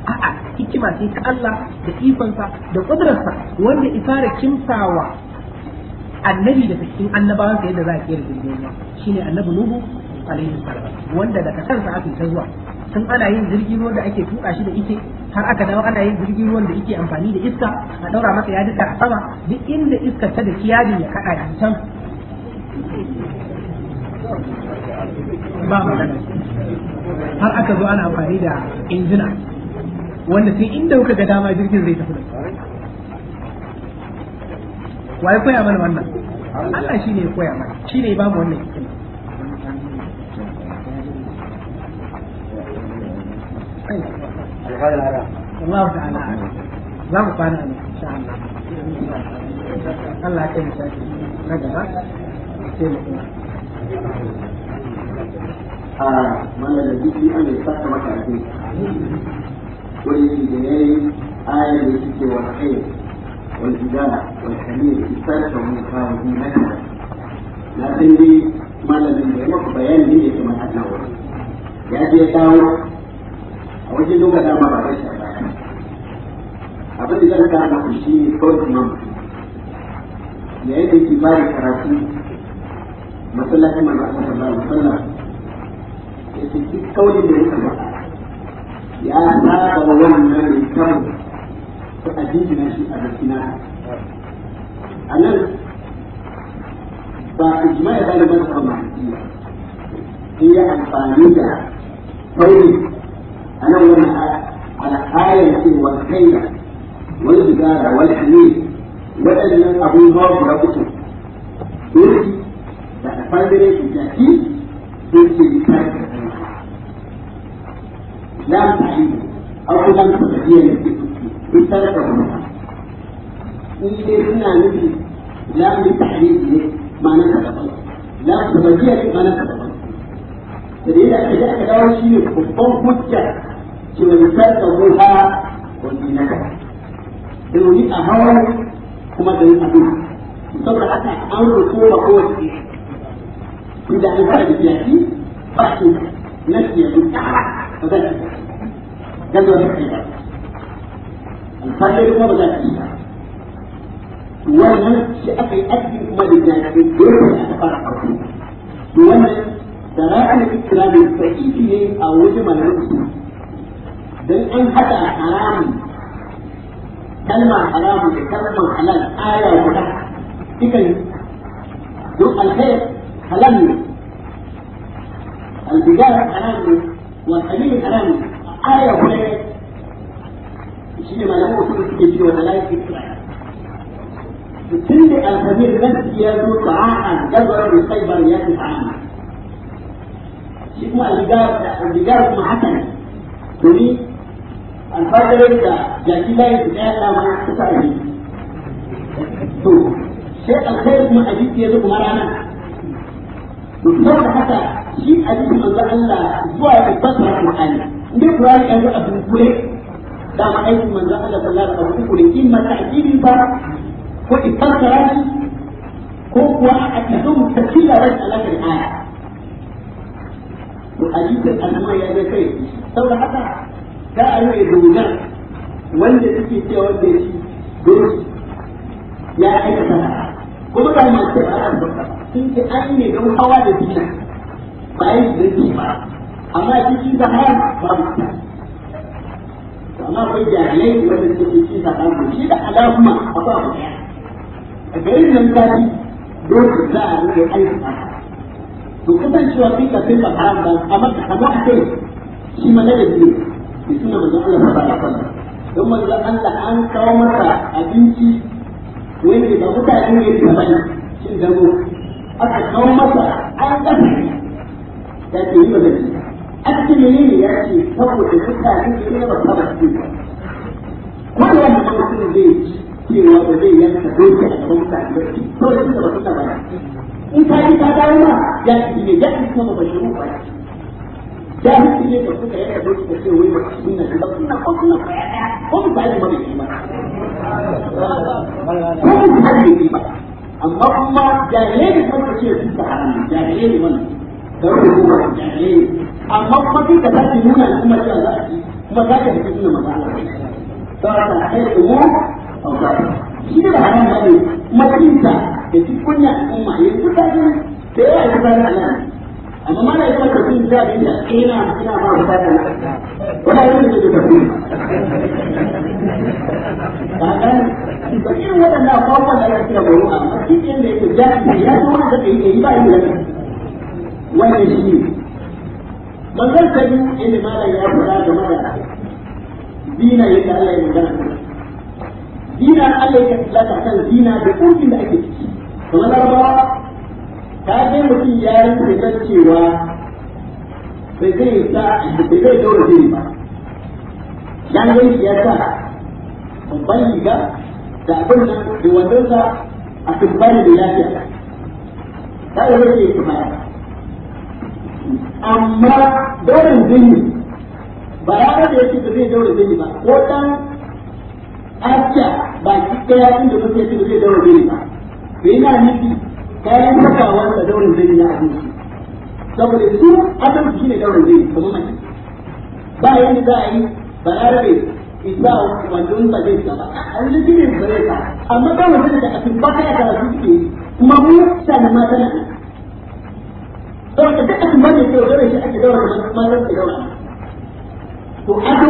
a'a hikima ce ta Allah da ikonsa da kudurarsa wanda ifara kimsawa annabi da cikin annabawansa yadda za a kera jirgin shine annabi nuhu alaihi salam wanda daga sa-sa aka ta zuwa tun ana yin jirgin ruwan da ake tuka shi da ike har aka dawo ana yin jirgin ruwan da ike amfani da iska a daura masa ya a sama duk inda iska ta da yadin ya kada a can ba har aka zo ana amfani da injina wanda sai inda kuka ga dama jirgin zai tafi da su wa ya koya mana wannan Allah shi ne ya koya mana shi ne ba mu wannan hikima Allah ta'ala za mu kwana ne insha Allah Allah ya kai mu na gaba sai mu kuma a mana da jiki an yi sassa maka wajen injiniyarin ayar da suke wa kai wal idara wal kamil istarta wani kawai na kan na san dai malamin da ya maka bayanin da yake mana ta ya je dawo a wajen doka dama ba rashin abin da zan ka na kushi ne da yake ba karatu kawai ya saba wa wannan kyau ko a jingina shi a gaskina a nan ba ijma ya bada masa kan mahaifiya sai ya amfani da tauri a nan wani al'ayar cewa kaina wani bigara wani hannu waɗannan abubuwa guda uku doki da ta fangare su jaki sun ce bi لا تعليم أو كلام تقدير من تركه منها إذا كنا نفي لا من تعليم ما نكتب لا تبجيه ما نكتب فإذا كذلك أول شيء الطن حجة كما يسرقها والدينك المدير أهوى كما تنسبوها saboda haka an rufe da kowace idan an sa da jaki ba su na siya duk ba zai جدوى الحقيقة الفجر هو بدأ فيها ومن شأفي أدي ما بدأ يعني في الدول أتفرق فيه ومن سواء الكلام الفقيه أو جمل الرسول بل إن حتى حرام كلمة حرام كلمة حلال آية وكذا تكن دون الخير حلال البداية حرام والخليل حرام aya wani shi ne malamu su suke cewa da lafi tun da alhamir rafi ya zo ta'a'an gabar da saibar ya fi ta'a'an shi kuma aligar kuma haka ne domin alfadarin da jaki layin su ɗaya dama su sa ne to sai alkhairi kuma ajiki ya zo kuma rana to saboda haka shi ajiki manzo Allah zuwa ya tabbata Qur'ani duk Qur'ani an ga abu kure da ma aikin manzo Allah sallallahu alaihi wasallam kure in ma ta'dili ba ko ifakara ko kuwa a tahdum takila wa alaka al-aya to ajikin annama ya ga kai saboda haka da ayo ya dogar wanda yake cewa da shi dole ya aikata kuma ba ma ce ba sun ce an ne don hawa da dina ba yi da ba amma shi shi da haram babu amma akwai jahilai wanda suke shi ba haram shi da halal akwai abu daya a garin nan zafi dole za a rage aiki to kasancewa kai ka kai ba haram ba amma ka ba a shi ma ladabi ne da suna manzon Allah ba ba ba don manzon Allah an kawo masa abinci wanda ba mutane ne da bane cin dago aka kawo masa an dafa da ke yi magana أنت منين يأتي تسوي الفكرة دي إيه وتسوي فيها كل واحد يكون في البيت في وقت دي ينسى بيت يحبون تعبير كل كده بسيطة بقى انت انت دائما يأتي لي يأتي كونه مشروع جاهز ليه تسوي كده بيت تسوي وين بتسوينا كده قلنا قلنا قلنا بعد ما بيجي بقى كل حد يجي بقى اللهم جاهلين تسوي كده بيت حرام جاهلين من ضروري هو جاهلين amma kuma sai ka sake nuna al'ummar da za a ci kuma za ka rike suna maza Allah saboda a kai da mu auka shi da haram ba ne matinta da duk kunya al'umma yanzu ka ga da yawa da zai a nan amma mana ya kuma tafi da bin da kina kina ma ba ta na wala yin da da kuma ba dan ba irin wadannan abubuwan da ya kira goro amma cikin da yake jami'i ya zo da yake yi ba yin da wannan shi ne manzon ka biyu inda ma ya fara da mara dina yadda Allah ya magana dina Allah ya tsaka kan dina da kurkin da ake ciki kuma larabawa ta ga mutum ya rinka ta cewa bai zai sa bai zai daura dini ba ya yi ya sa babban riga da abin nan da wandon sa a tubbani da lafiya ta yi rage kuma amma daurin zini ba ya kada ya ce da zai daure zini ba ko dan acca ba ki daya inda kuke ya ce da zai daure zini ba bai yana nufi kayan sakawa wanda daurin zini na abinci saboda su asalin shi ne daurin zini kuma mace ba yanda za a yi ba ya rabe isa wajen ba zai ba an ji ne ba zai ba amma kawai da a cikin ba ka ya karatu kuma mu sanin mata na don ka duk abin da ke dole shi ake daura shi kuma nan ke daura to ado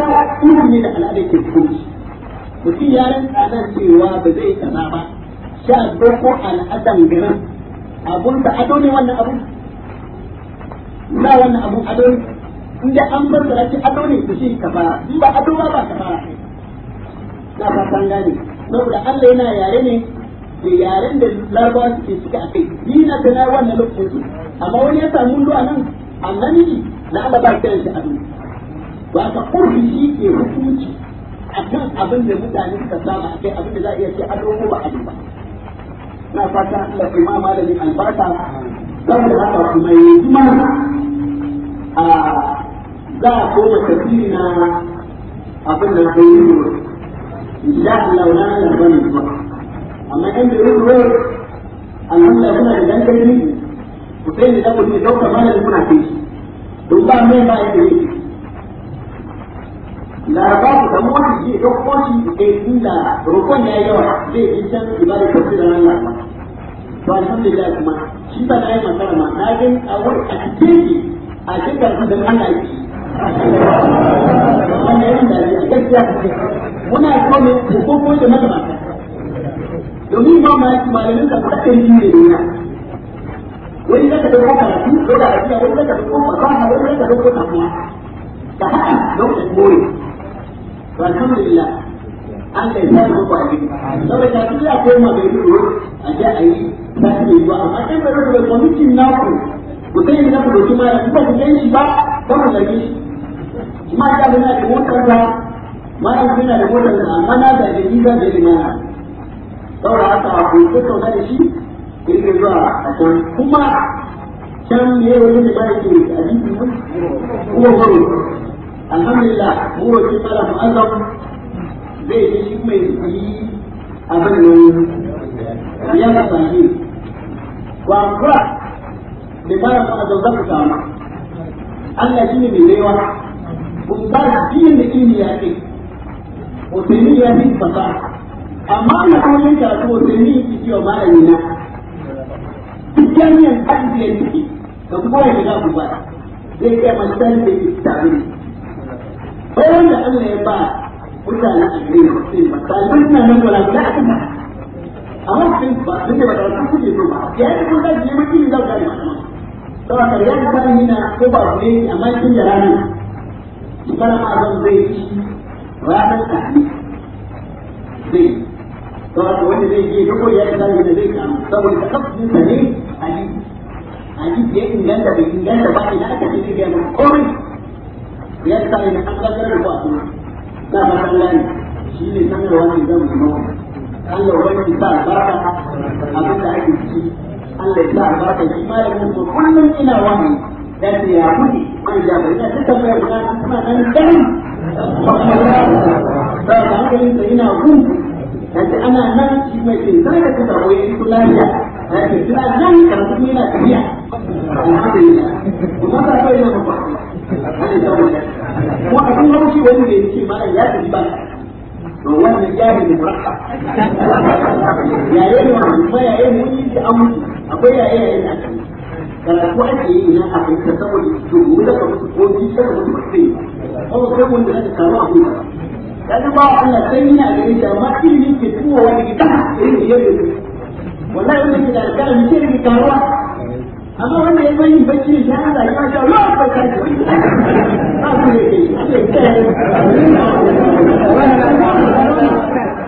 ne da al'adar ke cikin mutum ya rinka nan cewa ba zai kaza ba sha doko al'adan garin abun da ado ne wannan abun na wannan abun ado ne inda an bar da shi ado ne to shi kafara in ba ado ba ba kafara na fatan gane saboda Allah yana yare ne da yaren da larabawa suke suka a kai ni na tana wannan lokacin su amma wani ya samu ruwa nan annabi na Allah ba kiran shi abin ba ka kurbi shi ke hukunci akan abin da mutane suka saba akai abin da za a iya ce an rogo ba abin ba na fata da kuma ma malamin albarka dan da ba kuma yanzu kuma a za a koma tafsiri na abin da kai yi ya Allah na nan bane amma ɗan da yau ruwa alhamdulillah kuna da dan ne ku sai da ku ne dauka mana da kuna kai don ba mai ba yake yi ba ku da wani ji dauko shi da inda rukun ya yawa zai yi can ibada ko da nan Ba to alhamdulillah kuma shi ba da yayin ma na ga a wani a cikin ki a cikin da Allah yake wannan yayin da ya gaskiya muna so ne ku da mata domin ba ma yaki malamin ka ba ne duniya wani zaka dauko karatu ko da rafiya wani zaka dauko fasaha wani zaka dauko tafiya da haka don ka more to alhamdulillah an kai sai ku kwaje saboda duk ya koma da yi a je ne ba amma kai ba da kwamitin naku ku sai da ku dauki malamin ba ku kai shi ba ba ku zage shi ma da na da motar da ma da na da motar da amma na da gidi da saboda haka bai ko kauta da shi yake zuwa a can kuma can ne wani da bai ke a jikin mu kuma baro alhamdulillah mu roki Allah mu azam zai yi shi mai yi abin nan ya ka sahi wa kuwa da bara mu azam za ku samu Allah shi ne mai rewa kun ba shi ne ilimi ya ce ko sai ya fi fasaha amma na kawai karatu wasu ne yake cewa malami na duk jami'an kan da yake ka kuma ya shiga ku ba zai kai masal da ke tabi ko wanda Allah ya ba mutane a gare su sai masalin na nan wala da aka amma sun ba sun da ba da su ke ba ya yi kun da ji miki da ga ni to a ya ka ba ni na ko ba ku ne amma kin da rana kana ma zan zai ranar ta zai to haka wanda zai je duk wanda ya kaza da zai kamu saboda kafin sa ne ali ali ya inganta bai inganta ba ina aka ce ya ma komai ya sa ne an kaza da ba su da ba san gani shi ne san da wani zan mu Allah wani sa barka abin da ake ciki Allah ya sa barka shi ma da mutum kullum ina wani dan ya kudi man ja bai da duka mai gudanar kuma dan dan ba kuma da ina gungu kace ana nan shi mai ce za ka kasa wai ni kula ya kace kira nan karatu ne na tafiya kuma ka kai na ba ko a cikin lokaci wani ne yake ma ya tafi ba to wannan da murakka ya yi ne ba ya yi ne shi an mutu akwai ya yi ne yi. kan karatu ake yi na a kan saboda to da ka mutu ko ji ka mutu ba sai ko kai mun da ka karu a kuma kaga ba Allah sai yana gani da amma ilimi ke kowa wani gida ilimi ya yi wallahi wannan ke da alƙalami ke karuwa amma wanda ya bayin bacci ya hada ya sha Allah ba ka ji ba ku ne ke